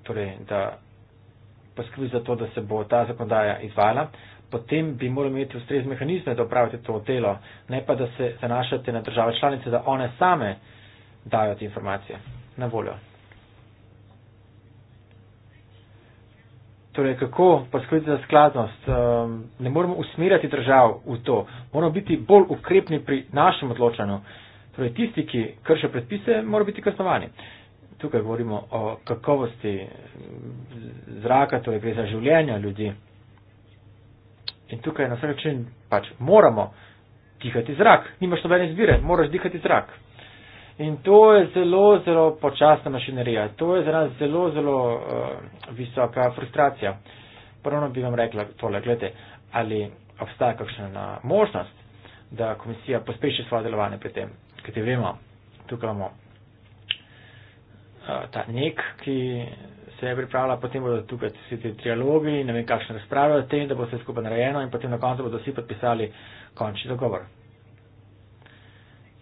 torej da poskrbi za to, da se bo ta zakonodaja izvala, potem bi morali imeti ustrezne mehanizme, da opravite to delo, ne pa da se zanašate na države članice, da one same dajo te informacije na voljo. Torej, kako poskrbeti za skladnost? Ehm, ne moramo usmerjati držav v to. Moramo biti bolj ukrepni pri našem odločanju. Torej, tisti, ki krše predpise, mora biti kaznovani. Tukaj govorimo o kakovosti zraka, torej gre za življenja ljudi. In tukaj na vsak način pač moramo dihati zrak. Nimaš nobene izbire, moraš dihati zrak. In to je zelo, zelo počasna mašinerija. To je za nas zelo, zelo uh, visoka frustracija. Prvno bi vam rekla tole, gledajte, ali obstaja kakšna možnost, da komisija pospeši svoje delovanje pri tem kajti vemo, tukaj imamo eh, ta nek, ki se je pripravila, potem bodo tukaj vsi ti trialogi, ne vem kakšne razprave o tem, da bo vse skupaj narejeno in potem na koncu bodo vsi podpisali končni dogovor.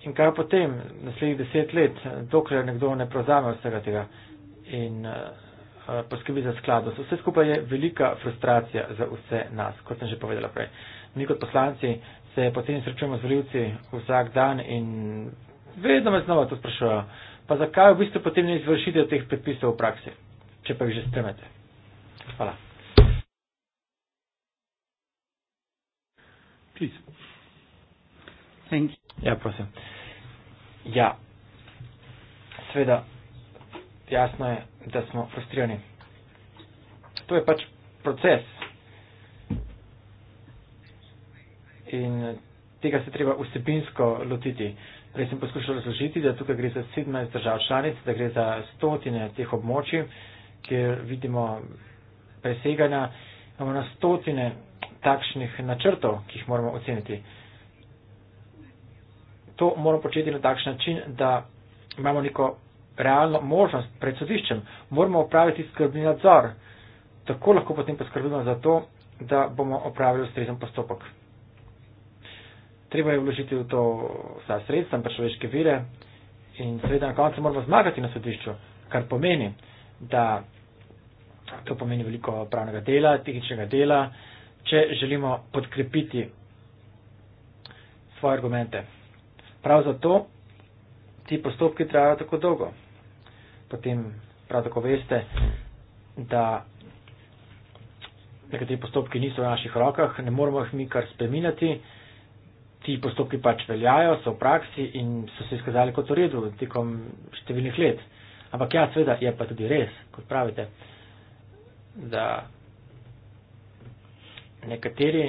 In kaj potem, naslednjih deset let, dokler nekdo ne prozame vsega tega in uh, poskrbi za skladnost. Vse skupaj je velika frustracija za vse nas, kot sem že povedala prej. Mi kot poslanci se potem srečujemo z vrivci vsak dan in vedno me znova to sprašujejo. Pa zakaj v bistvu potem ne izvršite teh predpisov v praksi, če pa jih že spremete? Hvala. Ja, prosim. Ja, sveda, jasno je, da smo frustrirani. To je pač proces, in tega se treba vsebinsko lotiti. Prej sem poskušal razložiti, da tukaj gre za 17 držav članic, da gre za stotine teh območij, kjer vidimo preseganja, imamo na stotine takšnih načrtov, ki jih moramo oceniti. To moramo početi na takšen način, da imamo neko realno možnost pred sodiščem. Moramo opraviti skrbni nadzor. Tako lahko potem poskrbimo za to, da bomo opravili ustrezen postopek treba je vložiti v to vsa sredstva in prešoveške vire in seveda na koncu moramo zmagati na sodišču, kar pomeni, da to pomeni veliko pravnega dela, tehničnega dela, če želimo podkrepiti svoje argumente. Prav zato ti postopki trajajo tako dolgo. Potem prav tako veste, da nekateri postopki niso v naših rokah, ne moramo jih mi kar spreminjati, ti postopki pač veljajo, so v praksi in so se izkazali kot v redu tekom številnih let. Ampak ja, sveda je pa tudi res, kot pravite, da nekateri,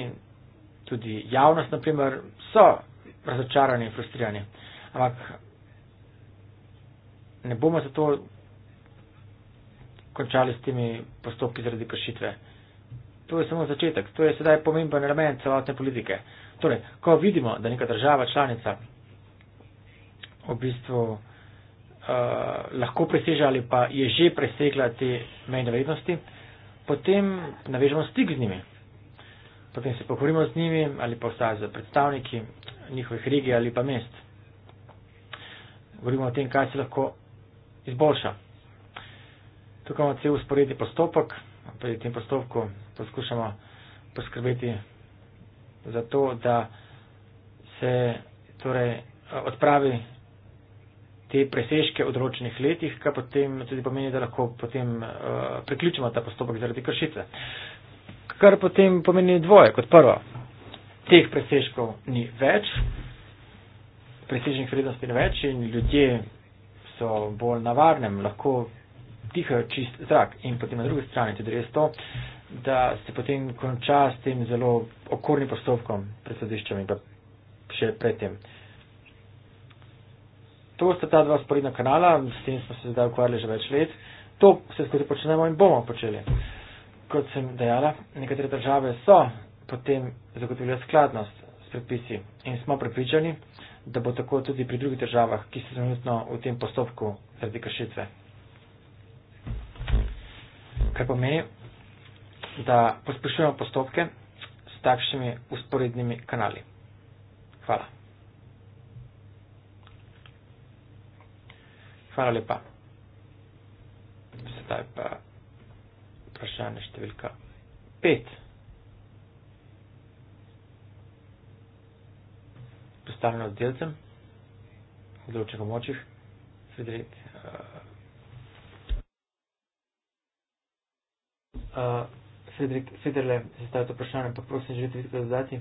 tudi javnost naprimer, so razočarani in frustrirani. Ampak ne bomo zato končali s temi postopki zaradi kršitve. To je samo začetek, to je sedaj pomemben element celotne politike. Torej, ko vidimo, da neka država članica v bistvu uh, lahko preseže ali pa je že presegla te mejne vrednosti, potem navežemo stik z njimi. Potem se pogovorimo z njimi ali pa vsaj z predstavniki njihovih regij ali pa mest. Govorimo o tem, kaj se lahko izboljša. Tukaj imamo cel usporedni postopek, pri tem postopku poskušamo poskrbeti za to, da se torej, odpravi te presežke v določenih letih, kar potem tudi pomeni, da lahko potem uh, eh, priključimo ta postopek zaradi kršitve. Kar potem pomeni dvoje. Kot prvo, teh presežkov ni več, presežnih vrednosti ni več in ljudje so bolj navarnem, lahko dihajo čist zrak. In potem na drugi strani tudi res to, da se potem konča s tem zelo okornim postopkom pred sodiščem in pa še predtem. To sta ta dva sporedna kanala, s tem smo se zdaj ukvarjali že več let. To vse skozi počnemo in bomo počeli. Kot sem dejala, nekatere države so potem zagotovile skladnost s predpisi in smo pripričani, da bo tako tudi pri drugih državah, ki so trenutno v tem postopku zaradi kršitve kar pomeni, da pospešujemo postopke s takšnimi usporednimi kanali. Hvala. Hvala lepa. Sedaj pa vprašanje številka pet. Postavljeno z delcem v določenih močih, Frederik. Uh, Fredrik Federle zastavil to vprašanje, ampak prosim, želite vi tako dodati?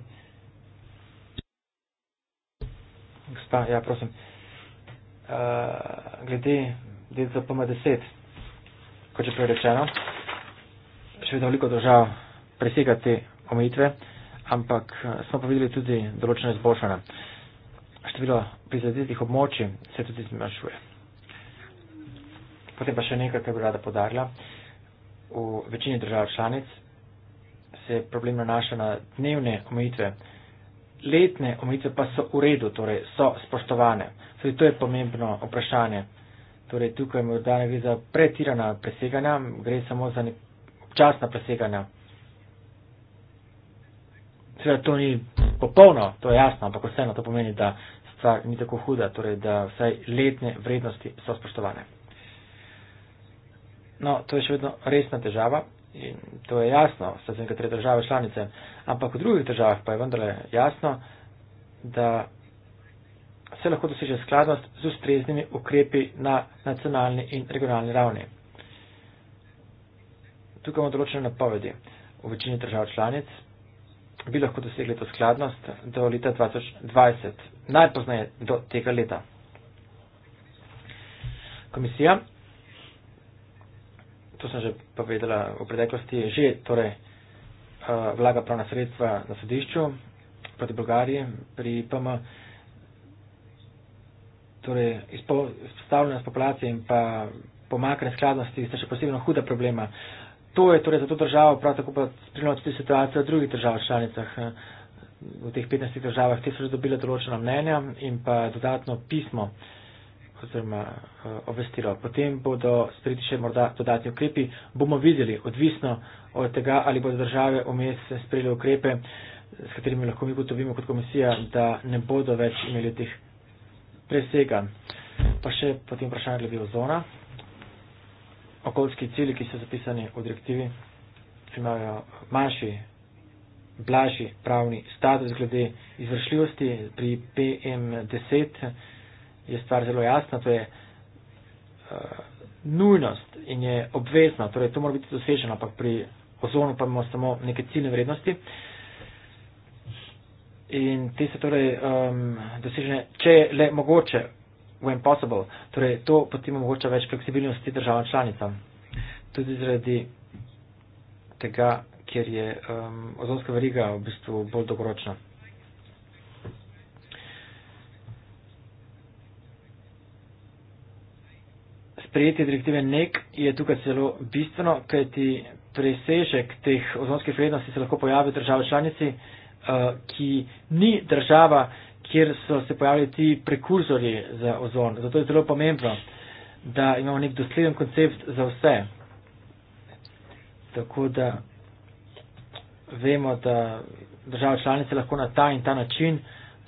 Gospa, ja, prosim. Uh, glede delca PM10, kot je prej rečeno, še vedno veliko držav presega te omejitve, ampak smo pa videli tudi določene izboljšanja. Število prizadetih območij se tudi zmanjšuje. Potem pa še nekaj, kar bi rada podarila. Uh, v večini držav članic se problem nanaša na dnevne omejitve. Letne omejitve pa so v redu, torej so spoštovane. Tudi to je pomembno vprašanje. Torej, tukaj morda ne gre za pretirana preseganja, gre samo za občasna preseganja. Seveda to ni popolno, to je jasno, ampak vseeno to pomeni, da stvar ni tako huda, torej da vsaj letne vrednosti so spoštovane. No, to je še vedno resna težava in to je jasno, saj so nekatere države članice, ampak v drugih državah pa je vendarle jasno, da se lahko doseže skladnost z ustreznimi ukrepi na nacionalni in regionalni ravni. Tukaj imamo določene napovedi. V večini držav članic bi lahko dosegli to skladnost do leta 2020, najpoznaje do tega leta. Komisija to sem že povedala v preteklosti, že torej, eh, vlaga pravna sredstva na sodišču proti Bolgariji pri PM. Torej, izpostavljenost populacije in pa pomakanje skladnosti sta še posebno huda problema. To je torej za to državo, prav tako pa spremljamo tudi situacijo v drugih državah članicah. Eh, v teh 15 državah te so že dobile določena mnenja in pa dodatno pismo. Uh, oziroma eh, obvestilo. Potem bodo sprejeti še morda dodatni ukrepi. Bomo videli, odvisno od tega, ali bodo države vmes sprejeli ukrepe, s katerimi lahko mi gotovimo kot komisija, da ne bodo več imeli teh presega. Pa še potem vprašanje glede ozona. Okoljski cilji, ki so zapisani v direktivi, imajo manjši, blažji pravni status glede izvršljivosti pri PM10 je stvar zelo jasna, to je uh, nujnost in je obvezna, torej to mora biti doseženo, ampak pri ozonu pa imamo samo neke ciljne vrednosti. In te se torej um, dosežene, če je le mogoče, when possible, torej to potem omogoča več fleksibilnosti državam članicam. Tudi zaradi tega, ker je um, ozonska veriga v bistvu bolj dolgoročna. sprejetje direktive NEC je tukaj celo bistveno, kaj ti presežek teh ozonskih vrednosti se lahko pojavi v državi članici, eh, ki ni država, kjer so se pojavili ti prekurzori za ozon. Zato je zelo pomembno, da imamo nek dosleden koncept za vse. Tako da vemo, da države članice lahko na ta in ta način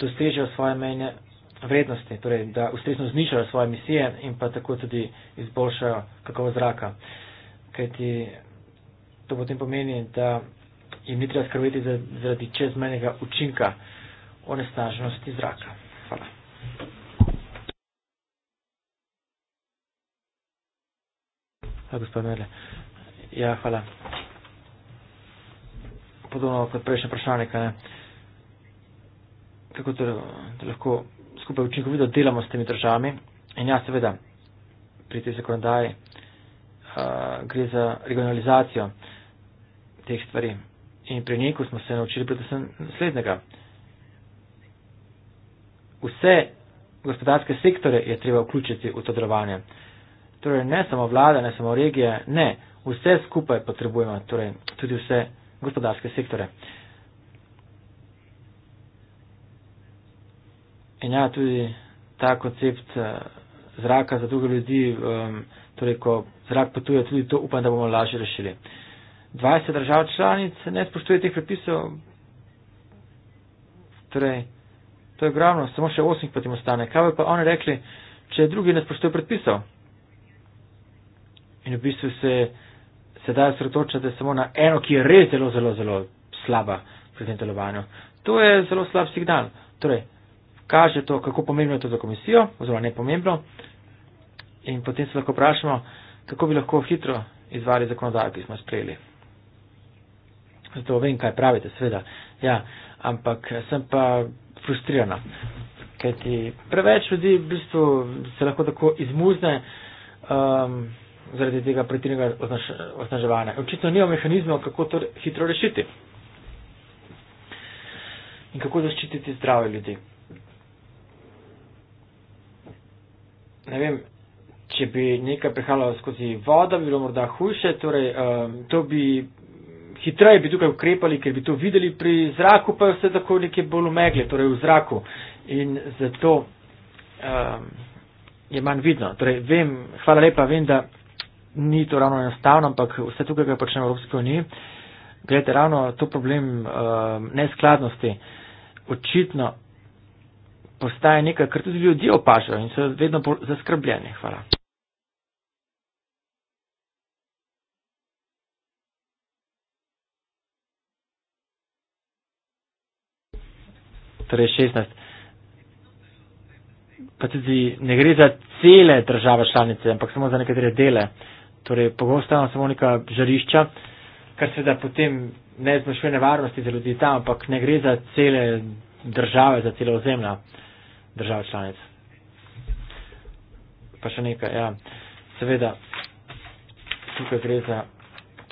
dosežejo svoje menje vrednosti, torej da ustrezno znižajo svoje emisije in pa tako tudi izboljšajo kakovo zraka. Kajti to potem pomeni, da jim ni treba skrbeti zaradi čezmenega učinka onesnaženosti zraka. Hvala. Ja, gospod Mele. Ja, hvala. Podobno kot prejšnje vprašanje, kaj ne? Kako to, torej, to lahko skupaj učinkovito delamo s temi državami. In ja, seveda, pri tej zakonodaji uh, gre za regionalizacijo teh stvari. In pri neku smo se naučili predvsem naslednjega. Vse gospodarske sektore je treba vključiti v to delovanje. Torej, ne samo vlada, ne samo regije, ne, vse skupaj potrebujemo, torej tudi vse gospodarske sektore. Uh, In ja, tudi ta koncept eh, zraka za druge ljudi, um, torej ko zrak potuje, tudi to upam, da bomo lažje rešili. 20 držav članic ne spoštuje teh predpisov. Torej, to je ogromno, samo še 8 potem ostane. Kaj bi pa oni rekli, če drugi ne spoštuje predpisov? In v bistvu se sedaj osredotočate samo na eno, ki je res zelo, zelo, zelo slaba pri tem delovanju. To je zelo slab signal. Torej, kaže to, kako pomembno je to za komisijo, oziroma ne pomembno. In potem se lahko vprašamo, kako bi lahko hitro izvali zakonodajo, ki smo sprejeli. Zato vem, kaj pravite, seveda. Ja, ampak sem pa frustrirana, kajti preveč ljudi v bistvu se lahko tako izmuzne um, zaradi tega pretirnega označevanja. Očitno nima mehanizmov, kako to hitro rešiti. In kako zaščititi zdrave ljudi. ne vem, če bi nekaj prihajalo skozi voda, bi bilo morda hujše, torej um, to bi hitreje bi tukaj ukrepali, ker bi to videli pri zraku, pa je vse tako nekje bolj umegle, torej v zraku. In zato um, je manj vidno. Torej, vem, hvala lepa, vem, da ni to ravno enostavno, ampak vse tukaj, kar počne Evropska unija, gledajte, ravno to problem um, neskladnosti očitno postaje nekaj, kar tudi ljudje opažajo in so vedno bolj zaskrbljeni. Hvala. Torej 16. Pa tudi ne gre za cele države članice, ampak samo za nekatere dele. Torej pogosto imamo samo neka žarišča, kar seveda potem ne zmanjšuje nevarnosti za ljudi tam, ampak ne gre za cele države, za cele ozemlja držav članic. Pa še nekaj, ja. Seveda, tukaj gre za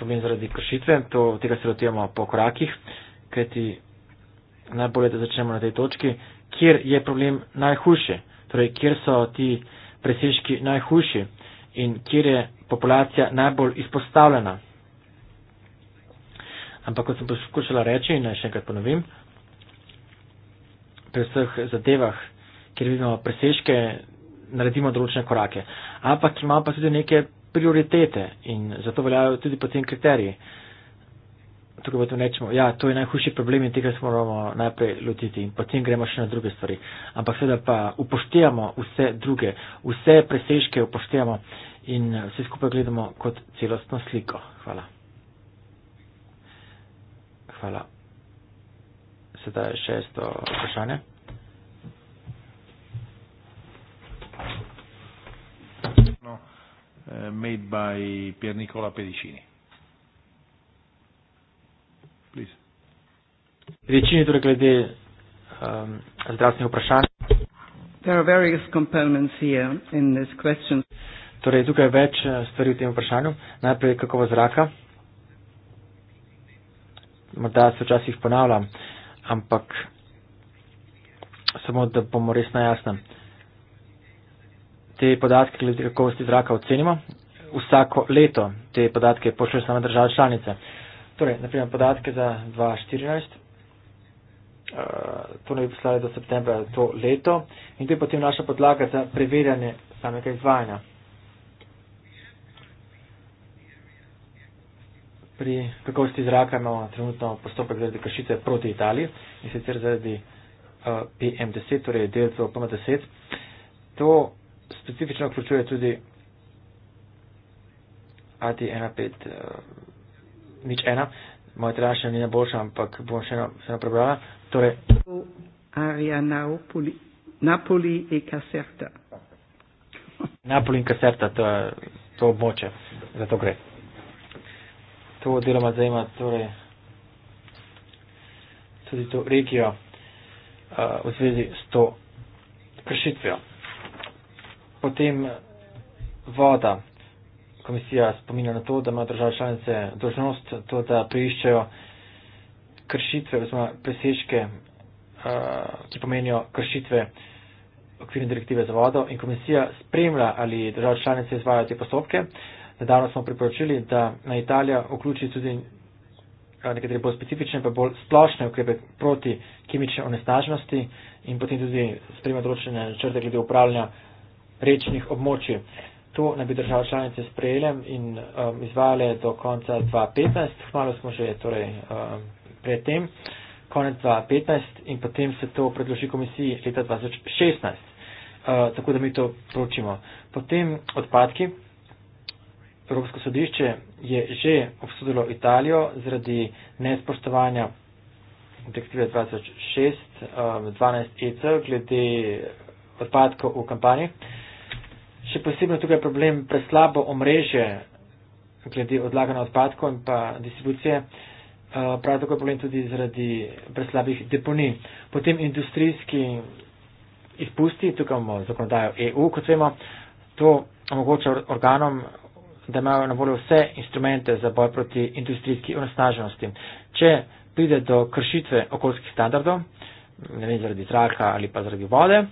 pomen zaradi kršitve, to, tega se lotevamo po korakih, kajti najbolje, da začnemo na tej točki, kjer je problem najhujši, torej kjer so ti presežki najhujši in kjer je populacija najbolj izpostavljena. Ampak, kot sem poskušala reči in naj še enkrat ponovim, pri vseh zadevah, kjer vidimo presežke, naredimo določene korake. Ampak ima pa tudi neke prioritete in zato veljajo tudi potem kriteriji. Tukaj potem rečemo, ja, to je najhujši problem in tega se moramo najprej lotiti in potem gremo še na druge stvari. Ampak seveda pa upoštevamo vse druge, vse presežke upoštevamo in vse skupaj gledamo kot celostno sliko. Hvala. Hvala. Sedaj šesto vprašanje. uh, made by Pier Nicola Pedicini. Please. Torej um, There are various components here in this question. Torej, tukaj je več eh, stvari v tem vprašanju. Najprej kakovo zraka. Morda se včasih ponavljam, ampak samo da bomo res najjasnem te podatke glede kakovosti zraka ocenimo. Vsako leto te podatke pošljajo same države članice. Torej, naprimer, podatke za 2014, uh, eh, to naj bi poslali do septembra to leto in to je potem naša podlaga za preverjanje samega izvajanja. Pri kakovosti zraka imamo trenutno postopek zaradi kršitve proti Italiji in sicer zaradi uh, eh, PM10, torej delcev PM10. To specifično vključuje tudi AT15 eh, nič uh, ena. Moja današnja ni najboljša, ampak bom še eno prebrala. Torej. Aria Naopoli, Napoli e Caserta. Napoli in Caserta, to je to območje, za to gre. To deloma zajema torej, tudi to regijo uh, v zvezi s to kršitvijo. Potem voda. Komisija spominja na to, da ima država članice dožnost to, da preiščajo kršitve oziroma presežke, eh, ki pomenijo kršitve okvirne direktive za vodo in komisija spremlja, ali država članice izvajajo te postopke. Nedavno smo priporočili, da na Italija vključi tudi eh, nekatere bolj specifične, pa bolj splošne ukrepe proti kemični onesnažnosti in potem tudi spremlja določene črte glede upravljanja rečnih območij. To naj bi države članice sprejele in um, izvajale do konca 2015, hmalo smo že torej, um, pred tem, konec 2015 in potem se to predloži komisiji leta 2016, uh, tako da mi to pročimo. Potem odpadki. Evropsko sodišče je že obsodilo Italijo zaradi nespoštovanja direktive 2006-12EC um, e glede odpadkov v kampanji. Še posebno tukaj je problem preslabo omrežje glede odlaganja odpadkov in pa distribucije. Eh, prav tako je problem tudi zaradi preslabih deponij. Potem industrijski izpusti, tukaj imamo zakonodajo EU, kot vemo, to omogoča organom, da imajo na voljo vse instrumente za boj proti industrijski onesnaženosti. Če pride do kršitve okoljskih standardov, ne vem, zaradi zraka ali pa zaradi vode,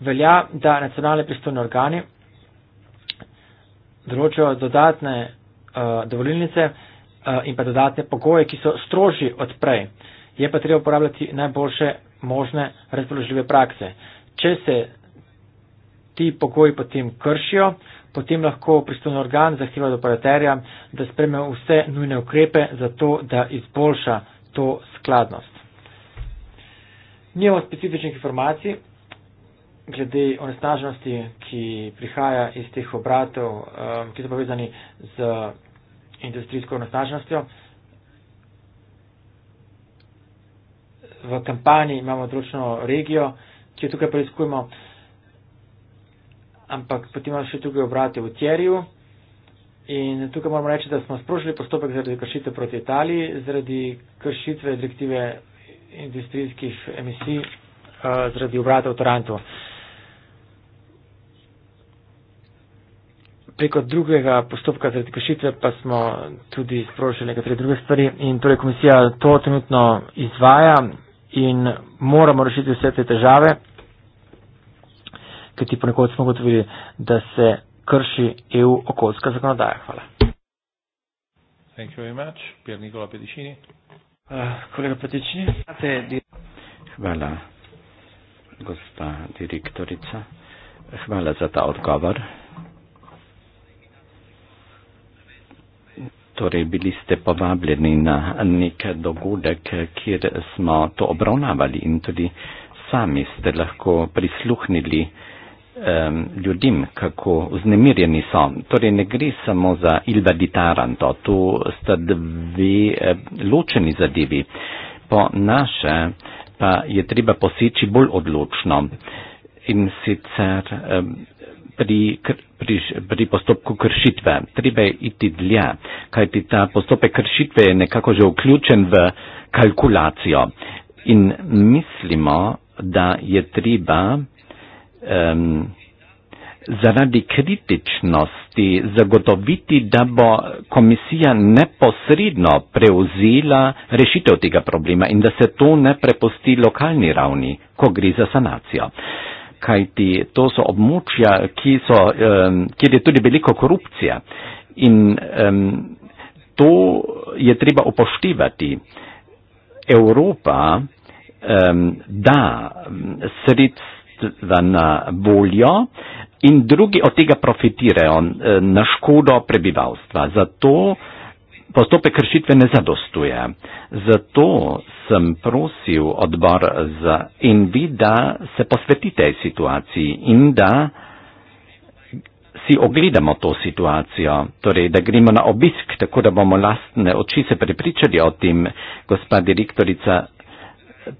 velja, da nacionalne pristojne organi določajo dodatne uh, dovolilnice uh, in pa dodatne pogoje, ki so strožji od prej. Je pa treba uporabljati najboljše možne razpoložljive prakse. Če se ti pogoji potem kršijo, potem lahko pristojni organ zahteva od operaterja, da spreme vse nujne ukrepe za to, da izboljša to skladnost. Nijemo specifičnih informacij, glede onesnaženosti, ki prihaja iz teh obratov, um, ki so povezani z industrijsko onesnaženostjo. V kampanji imamo določeno regijo, ki jo tukaj preizkujemo, ampak potem imamo še druge obrate v Tjeriju. In tukaj moramo reči, da smo sprožili postopek zaradi kršitev proti Italiji, zaradi kršitve direktive industrijskih emisij, uh, zaradi obrata v Torantu. preko drugega postopka zaradi kršitve pa smo tudi sprožili nekatere druge stvari in torej komisija to trenutno izvaja in moramo rešiti vse te težave, kajti ponekod smo gotovili, da se krši EU okoljska zakonodaja. Hvala. Thank you very much. Pier Nikola Petičini. Uh, eh, kolega Petičini. Hvala, gospa direktorica. Hvala za ta odgovor. torej bili ste povabljeni na nek dogodek, kjer smo to obravnavali in tudi sami ste lahko prisluhnili um, ljudem, kako vznemirjeni so. Torej ne gre samo za Ilva di Taranto, tu sta dve ločeni zadevi. Po naše pa je treba poseči bolj odločno in sicer um, pri, pri, pri postopku kršitve. Treba je iti dlje, kajti ta postopek kršitve je nekako že vključen v kalkulacijo. In mislimo, da je treba um, zaradi kritičnosti zagotoviti, da bo komisija neposredno prevzela rešitev tega problema in da se to ne prepusti lokalni ravni, ko gre za sanacijo kajti to so območja, ki so, um, kjer je tudi veliko korupcija in um, to je treba upoštevati. Evropa um, da sredstva na voljo in drugi od tega profitirajo na škodo prebivalstva. Zato, postopek kršitve ne zadostuje. Zato sem prosil odbor za in vi, da se posvetite situaciji in da si ogledamo to situacijo, torej da gremo na obisk, tako da bomo lastne oči se prepričali o tem, gospa direktorica.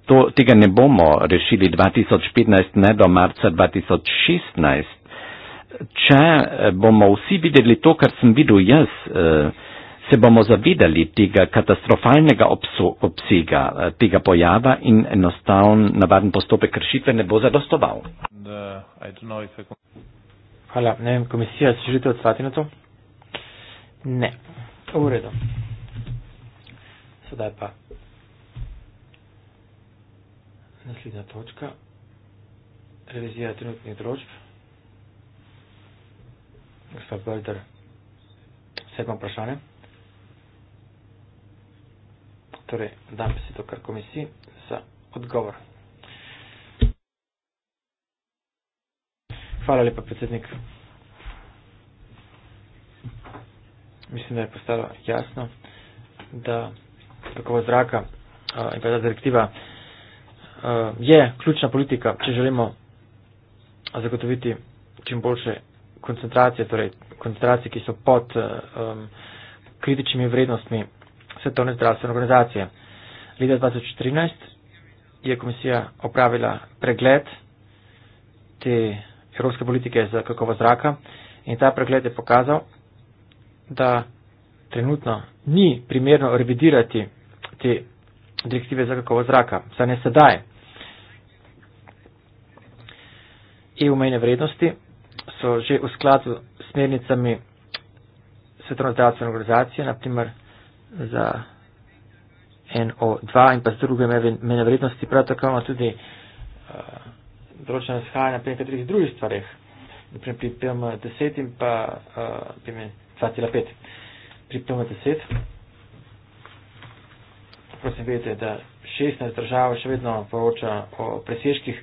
To, tega ne bomo rešili 2015, ne do marca 2016. Če bomo vsi videli to, kar sem videl jaz, eh, se bomo zavedali tega katastrofalnega obso, obsega eh, tega pojava in enostavn navaden postopek rešitve ne bo zadostoval. Uh, Hvala. Ne vem, komisija, si želite odstati na to? Ne. V redu. Sedaj pa. Naslednja točka. Revizija trenutnih družb. Gospod Bölder, sedmo vprašanje. Torej, dam se to kar komisiji za odgovor. Hvala lepa, predsednik. Mislim, da je postalo jasno, da kakovo zraka uh, in pa ta direktiva uh, je ključna politika, če želimo zagotoviti čim boljše koncentracije, torej koncentracije, ki so pod uh, um, kritičnimi vrednostmi Svetovne zdravstvene organizacije. Leta 2013 je komisija opravila pregled te evropske politike za kakovo zraka in ta pregled je pokazal, da trenutno ni primerno revidirati te direktive za kakovo zraka, saj ne sedaj. EU mejne vrednosti so že v skladu s smernicami Svetovne zdravstvene organizacije, naprimer za NO2 in pa z druge mene vrednosti, prav tako imamo tudi uh, eh, določene razhajanja pri nekaterih drugih stvarih, naprimer pri PM10 in pa PM2,5. Uh, eh, pri PM10, prosim, vedete, da 16 držav še vedno poroča o preseških.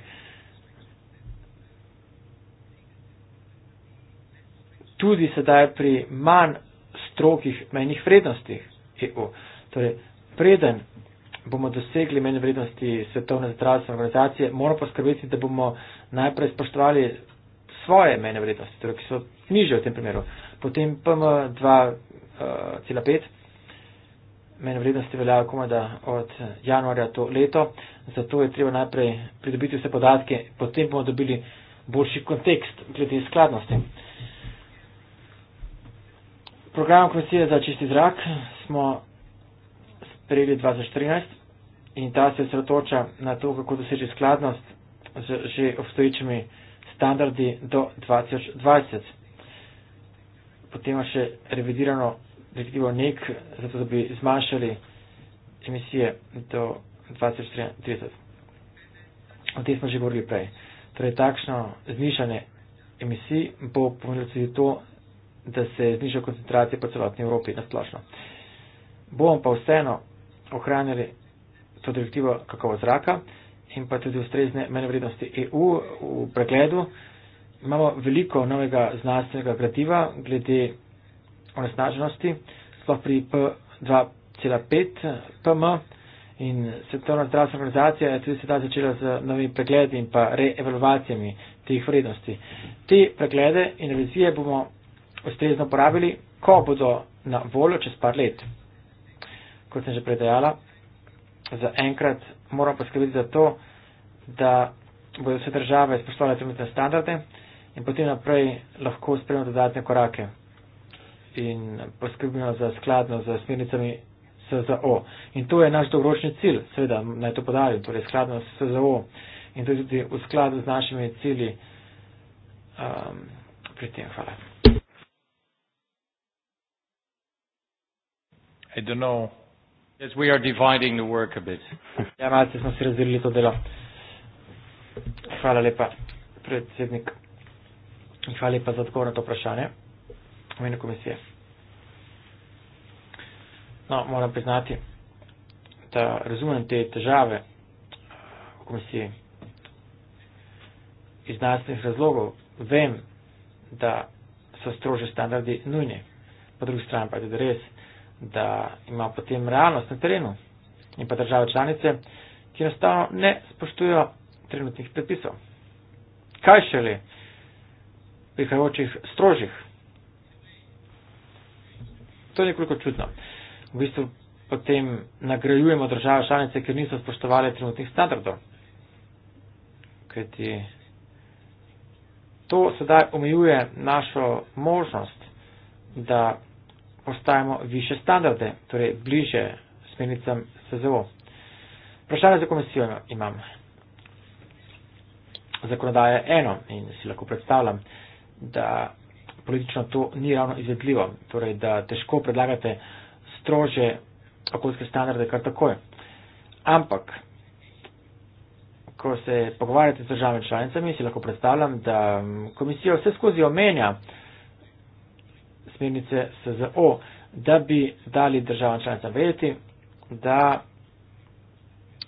Tudi sedaj pri manj strokih mejnih vrednostih. EU. Torej, preden bomo dosegli menj vrednosti svetovne zdravstvene organizacije, moramo poskrbeti, da bomo najprej spoštovali svoje menj vrednosti, torej, ki so niže v tem primeru. Potem PM2,5 uh, menj vrednosti veljajo komaj da od januarja to leto, zato je treba najprej pridobiti vse podatke, potem bomo dobili boljši kontekst glede skladnosti. Program komisije za čisti zrak smo sprejeli 2014 in ta se osredotoča na to, kako doseči skladnost z že obstoječimi standardi do 2020. Potem imamo še revidirano direktivo NEC, zato da bi zmanjšali emisije do 2030. O tem smo že govorili prej. Torej, takšno znižanje emisij bo pomenilo tudi to, da se zniža koncentracija po celotni Evropi na splošno. Uh, bomo pa vseeno ohranjali to direktivo kakovo zraka in pa tudi ustrezne mene vrednosti EU v pregledu. Imamo veliko novega znanstvenega gradiva glede onesnaženosti, sploh pri P2,5 PM in Svetovna zdravstvena organizacija je tudi sedaj začela z novimi pregledi in pa reevalvacijami teh vrednosti. Te preglede in revizije bomo ustrezno uporabili, ko bodo na voljo čez par let kot sem že predajala, za enkrat moramo poskrbeti za to, da bodo vse države spoštovale trenutne standarde in potem naprej lahko spremljamo dodatne korake in poskrbimo za skladno z smernicami SZO. In to je naš dolgoročni cilj, seveda, naj to podarim, torej skladno s SZO in to je tudi v skladu z našimi cilji um, pri tem. Hvala. I don't know. Yes, we are dividing the work a bit. [laughs] Ja, malce smo si razdelili to delo. Hvala lepa, predsednik. Hvala lepa za odgovor na to vprašanje. Omenjeno komisije. No, moram priznati, da razumem te težave uh, v komisiji iz znanstvenih razlogov. Vem, da so strože standardi nujni, po drugi strani pa je tudi res, da ima potem realnost na terenu in pa države članice, ki enostavno ne spoštujo trenutnih predpisov. Kaj šele prihajajočih strožjih? To je nekoliko čudno. V bistvu potem nagrajujemo države članice, ker niso spoštovali trenutnih standardov. Kajti to sedaj omejuje našo možnost, da postajamo više standarde, torej bliže smernicam SZO. Vprašanje za komisijo imam. Zakonodaja je eno in si lahko predstavljam, da politično to ni ravno izvedljivo, torej da težko predlagate strože okoljske standarde kar takoj. Ampak, ko se pogovarjate z državnimi članicami, si lahko predstavljam, da mm, komisija vse skozi omenja, smernice SZO, da bi dali državam članicam vedeti, da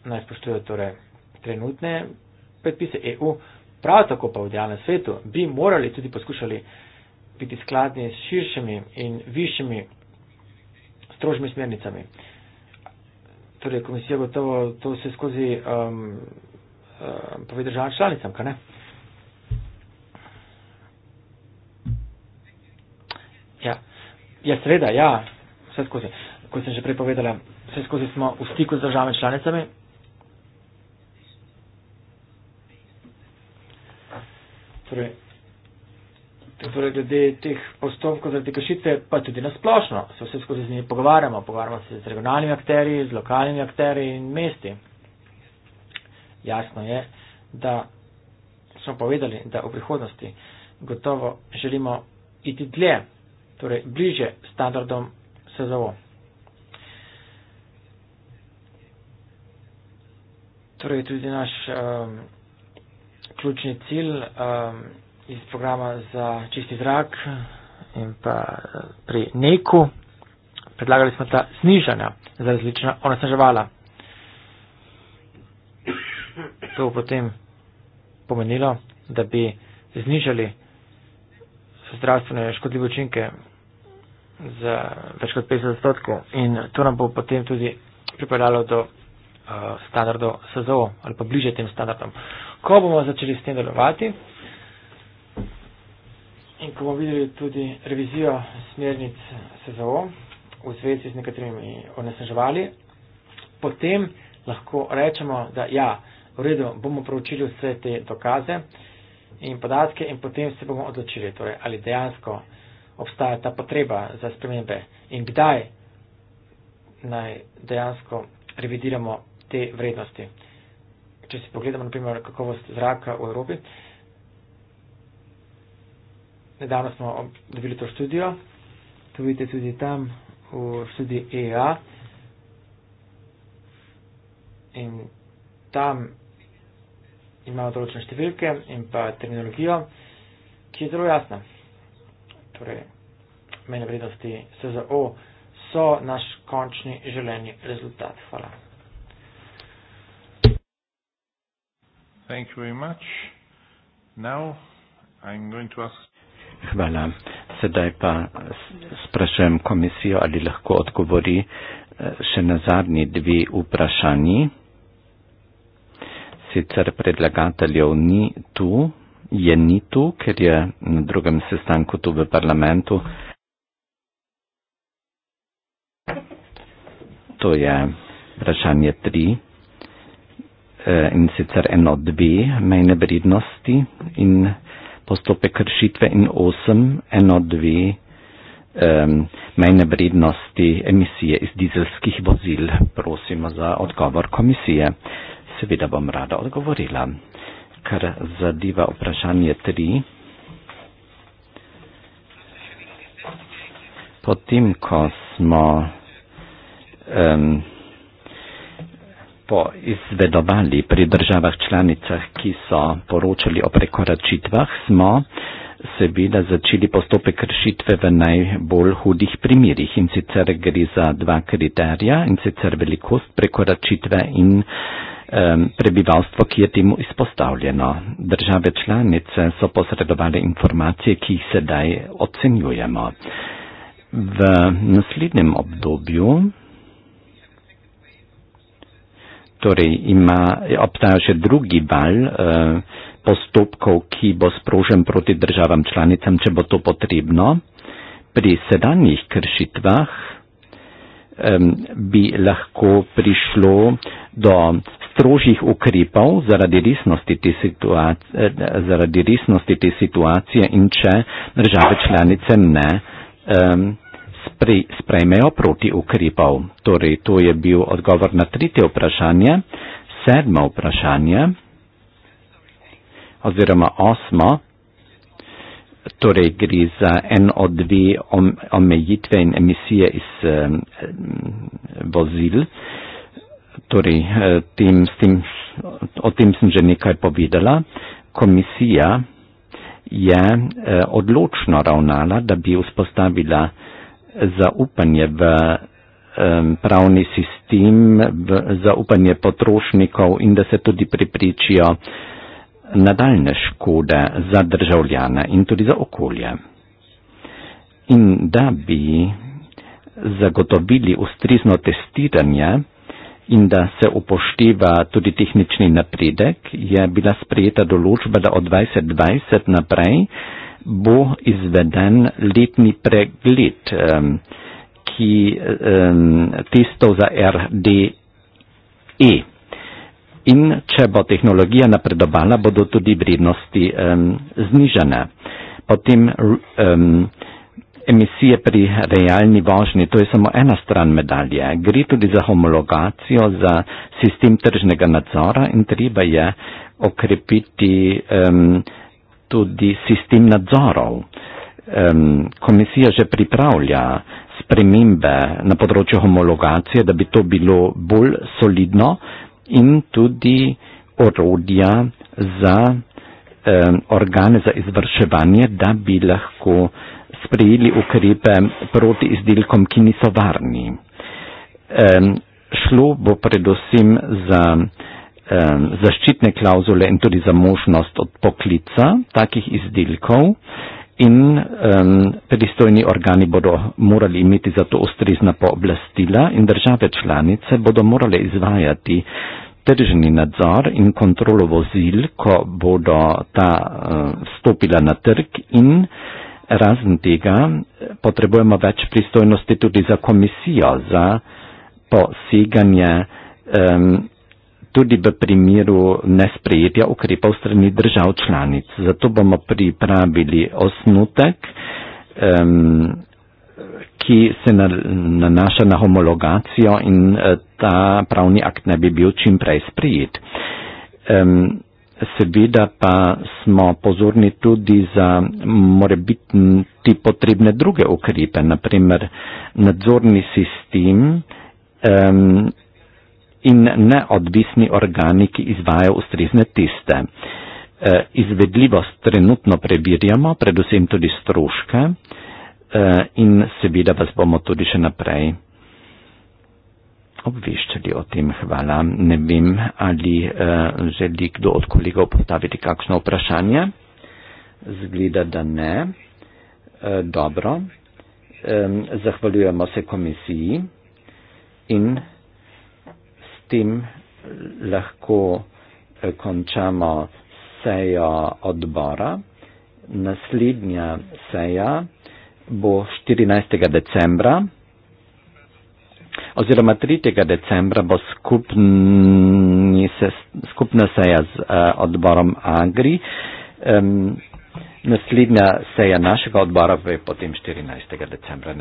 naj spoštujejo torej trenutne predpise EU, prav tako pa v idealnem svetu bi morali tudi poskušali biti skladni s širšimi in višjimi strožjimi smernicami. Torej, komisija gotovo to vse skozi um, um, pove državam članicam, kaj ne? Ja, sreda, ja, vse skozi. Kot sem že prej povedala, vse skozi smo v stiku z državami članicami. Torej, torej glede teh postopkov zaradi kršitve, pa tudi nasplošno, se vse skozi z njimi pogovarjamo. Pogovarjamo se z regionalnimi akteri, z lokalnimi akteri in mesti. Jasno je, da smo povedali, da v prihodnosti gotovo želimo iti dlje torej bliže standardom SZO. Torej tudi naš um, ključni cilj um, iz programa za čisti zrak in pa uh, pri NEKU predlagali smo ta znižanja za različna onesnaževala. To bo potem pomenilo, da bi znižali zdravstvene škodljive učinke z več kot 50 odstotkov in to nam bo potem tudi pripeljalo do uh, standardov SZO ali pa bliže tem standardom. Ko bomo začeli s tem delovati in ko bomo videli tudi revizijo smernic SZO v zvezi z nekaterimi onesnaževali, potem lahko rečemo, da ja, v redu, bomo proučili vse te dokaze in podatke in potem se bomo odločili, torej, ali dejansko obstaja ta potreba za spremembe in kdaj naj dejansko revidiramo te vrednosti. Če si pogledamo, naprimer, kakovost zraka v Evropi, nedavno smo dobili to študijo, to vidite tudi tam v študiji EA in tam imajo določene številke in pa terminologijo, ki je zelo jasna torej mene vrednosti SZO, so naš končni želeni rezultat. Hvala. Thank you very much. Now I'm going to ask... Hvala. Sedaj pa sprašujem komisijo, ali lahko odgovori eh, še na zadnji dve vprašanji. Sicer predlagateljev ni tu, je ni tu, ker je na drugem sestanku tu v parlamentu. To je vprašanje tri eh, in sicer eno dve mejne vrednosti in postopek kršitve in osem eno dve um, mejne vrednosti emisije iz dizelskih vozil. Prosimo za odgovor komisije. Seveda bom rada odgovorila kar zadeva vprašanje 3. Potem, ko smo um, poizvedovali pri državah članicah, ki so poročali o prekoračitvah, smo seveda začeli postopek kršitve v najbolj hudih primerjih. In sicer gre za dva kriterija, in sicer velikost prekoračitve in prebivalstvo, ki je temu izpostavljeno. Države članice so posredovali informacije, ki jih sedaj ocenjujemo. V naslednjem obdobju torej ima, obstaja še drugi val postopkov, ki bo sprožen proti državam članicam, če bo to potrebno. Pri sedanjih kršitvah bi lahko prišlo do strožjih ukrepov zaradi resnosti, eh, zaradi resnosti te situacije in če države članice ne um, sprejmejo proti ukrepov. Torej, to je bil odgovor na tretje vprašanje. Sedmo vprašanje oziroma osmo, torej gre za en od dve omejitve in emisije iz um, vozil. Um, Torej, eh, tem, s tem, o tem sem že nekaj povedala. Komisija je eh, odločno ravnala, da bi vzpostavila eh, zaupanje v pravni sistem, v zaupanje potrošnikov in da se tudi pripričijo nadaljne škode za državljane in tudi za okolje. In da bi zagotovili ustrezno testiranje, in da se upošteva tudi tehnični napredek, je bila sprejeta določba, da od 2020 naprej bo izveden letni pregled um, ki, um, testov za RDE. In če bo tehnologija napredovala, bodo tudi vrednosti um, znižene. Potem um, emisije pri realni vožnji, to je samo ena stran medalje. Gre tudi za homologacijo, za sistem tržnega nadzora in treba je okrepiti um, tudi sistem nadzorov. Um, komisija že pripravlja spremembe na področju homologacije, da bi to bilo bolj solidno in tudi orodja za um, organe za izvrševanje, da bi lahko sprejeli ukrepe proti izdelkom, ki niso varni. E, šlo bo predvsem za e, zaščitne klauzule in tudi za možnost odpoklica takih izdelkov in e, pristojni organi bodo morali imeti za to ustrezna pooblastila in države članice bodo morale izvajati tržni nadzor in kontrolo vozil, ko bodo ta e, stopila na trg in e, razen tega eh, potrebujemo več pristojnosti tudi za komisijo, za poseganje um, tudi v primeru nesprejetja ukrepov strani držav članic. Zato bomo pripravili osnutek, um, ki se nanaša na homologacijo in eh, ta pravni akt ne bi bil čim prej sprejet. Um, seveda pa smo pozorni tudi za morebitni potrebne druge ukrepe, naprimer nadzorni sistem um, in neodvisni organi, ki izvajo ustrezne teste. E, izvedljivost trenutno preverjamo, predvsem tudi stroške e, in seveda vas bomo tudi še naprej obveščali o tem. Hvala. Ne vem, ali uh, želi kdo od kolegov postaviti kakšno vprašanje. Zgleda, da ne. E, dobro. E, zahvaljujemo se komisiji in s tem lahko eh, končamo sejo odbora. Naslednja seja bo 14. decembra oziroma 3. decembra bo se, skupna seja z uh, odborom Agri. Um, naslednja seja našega odbora bo potem 14. decembra. Ne?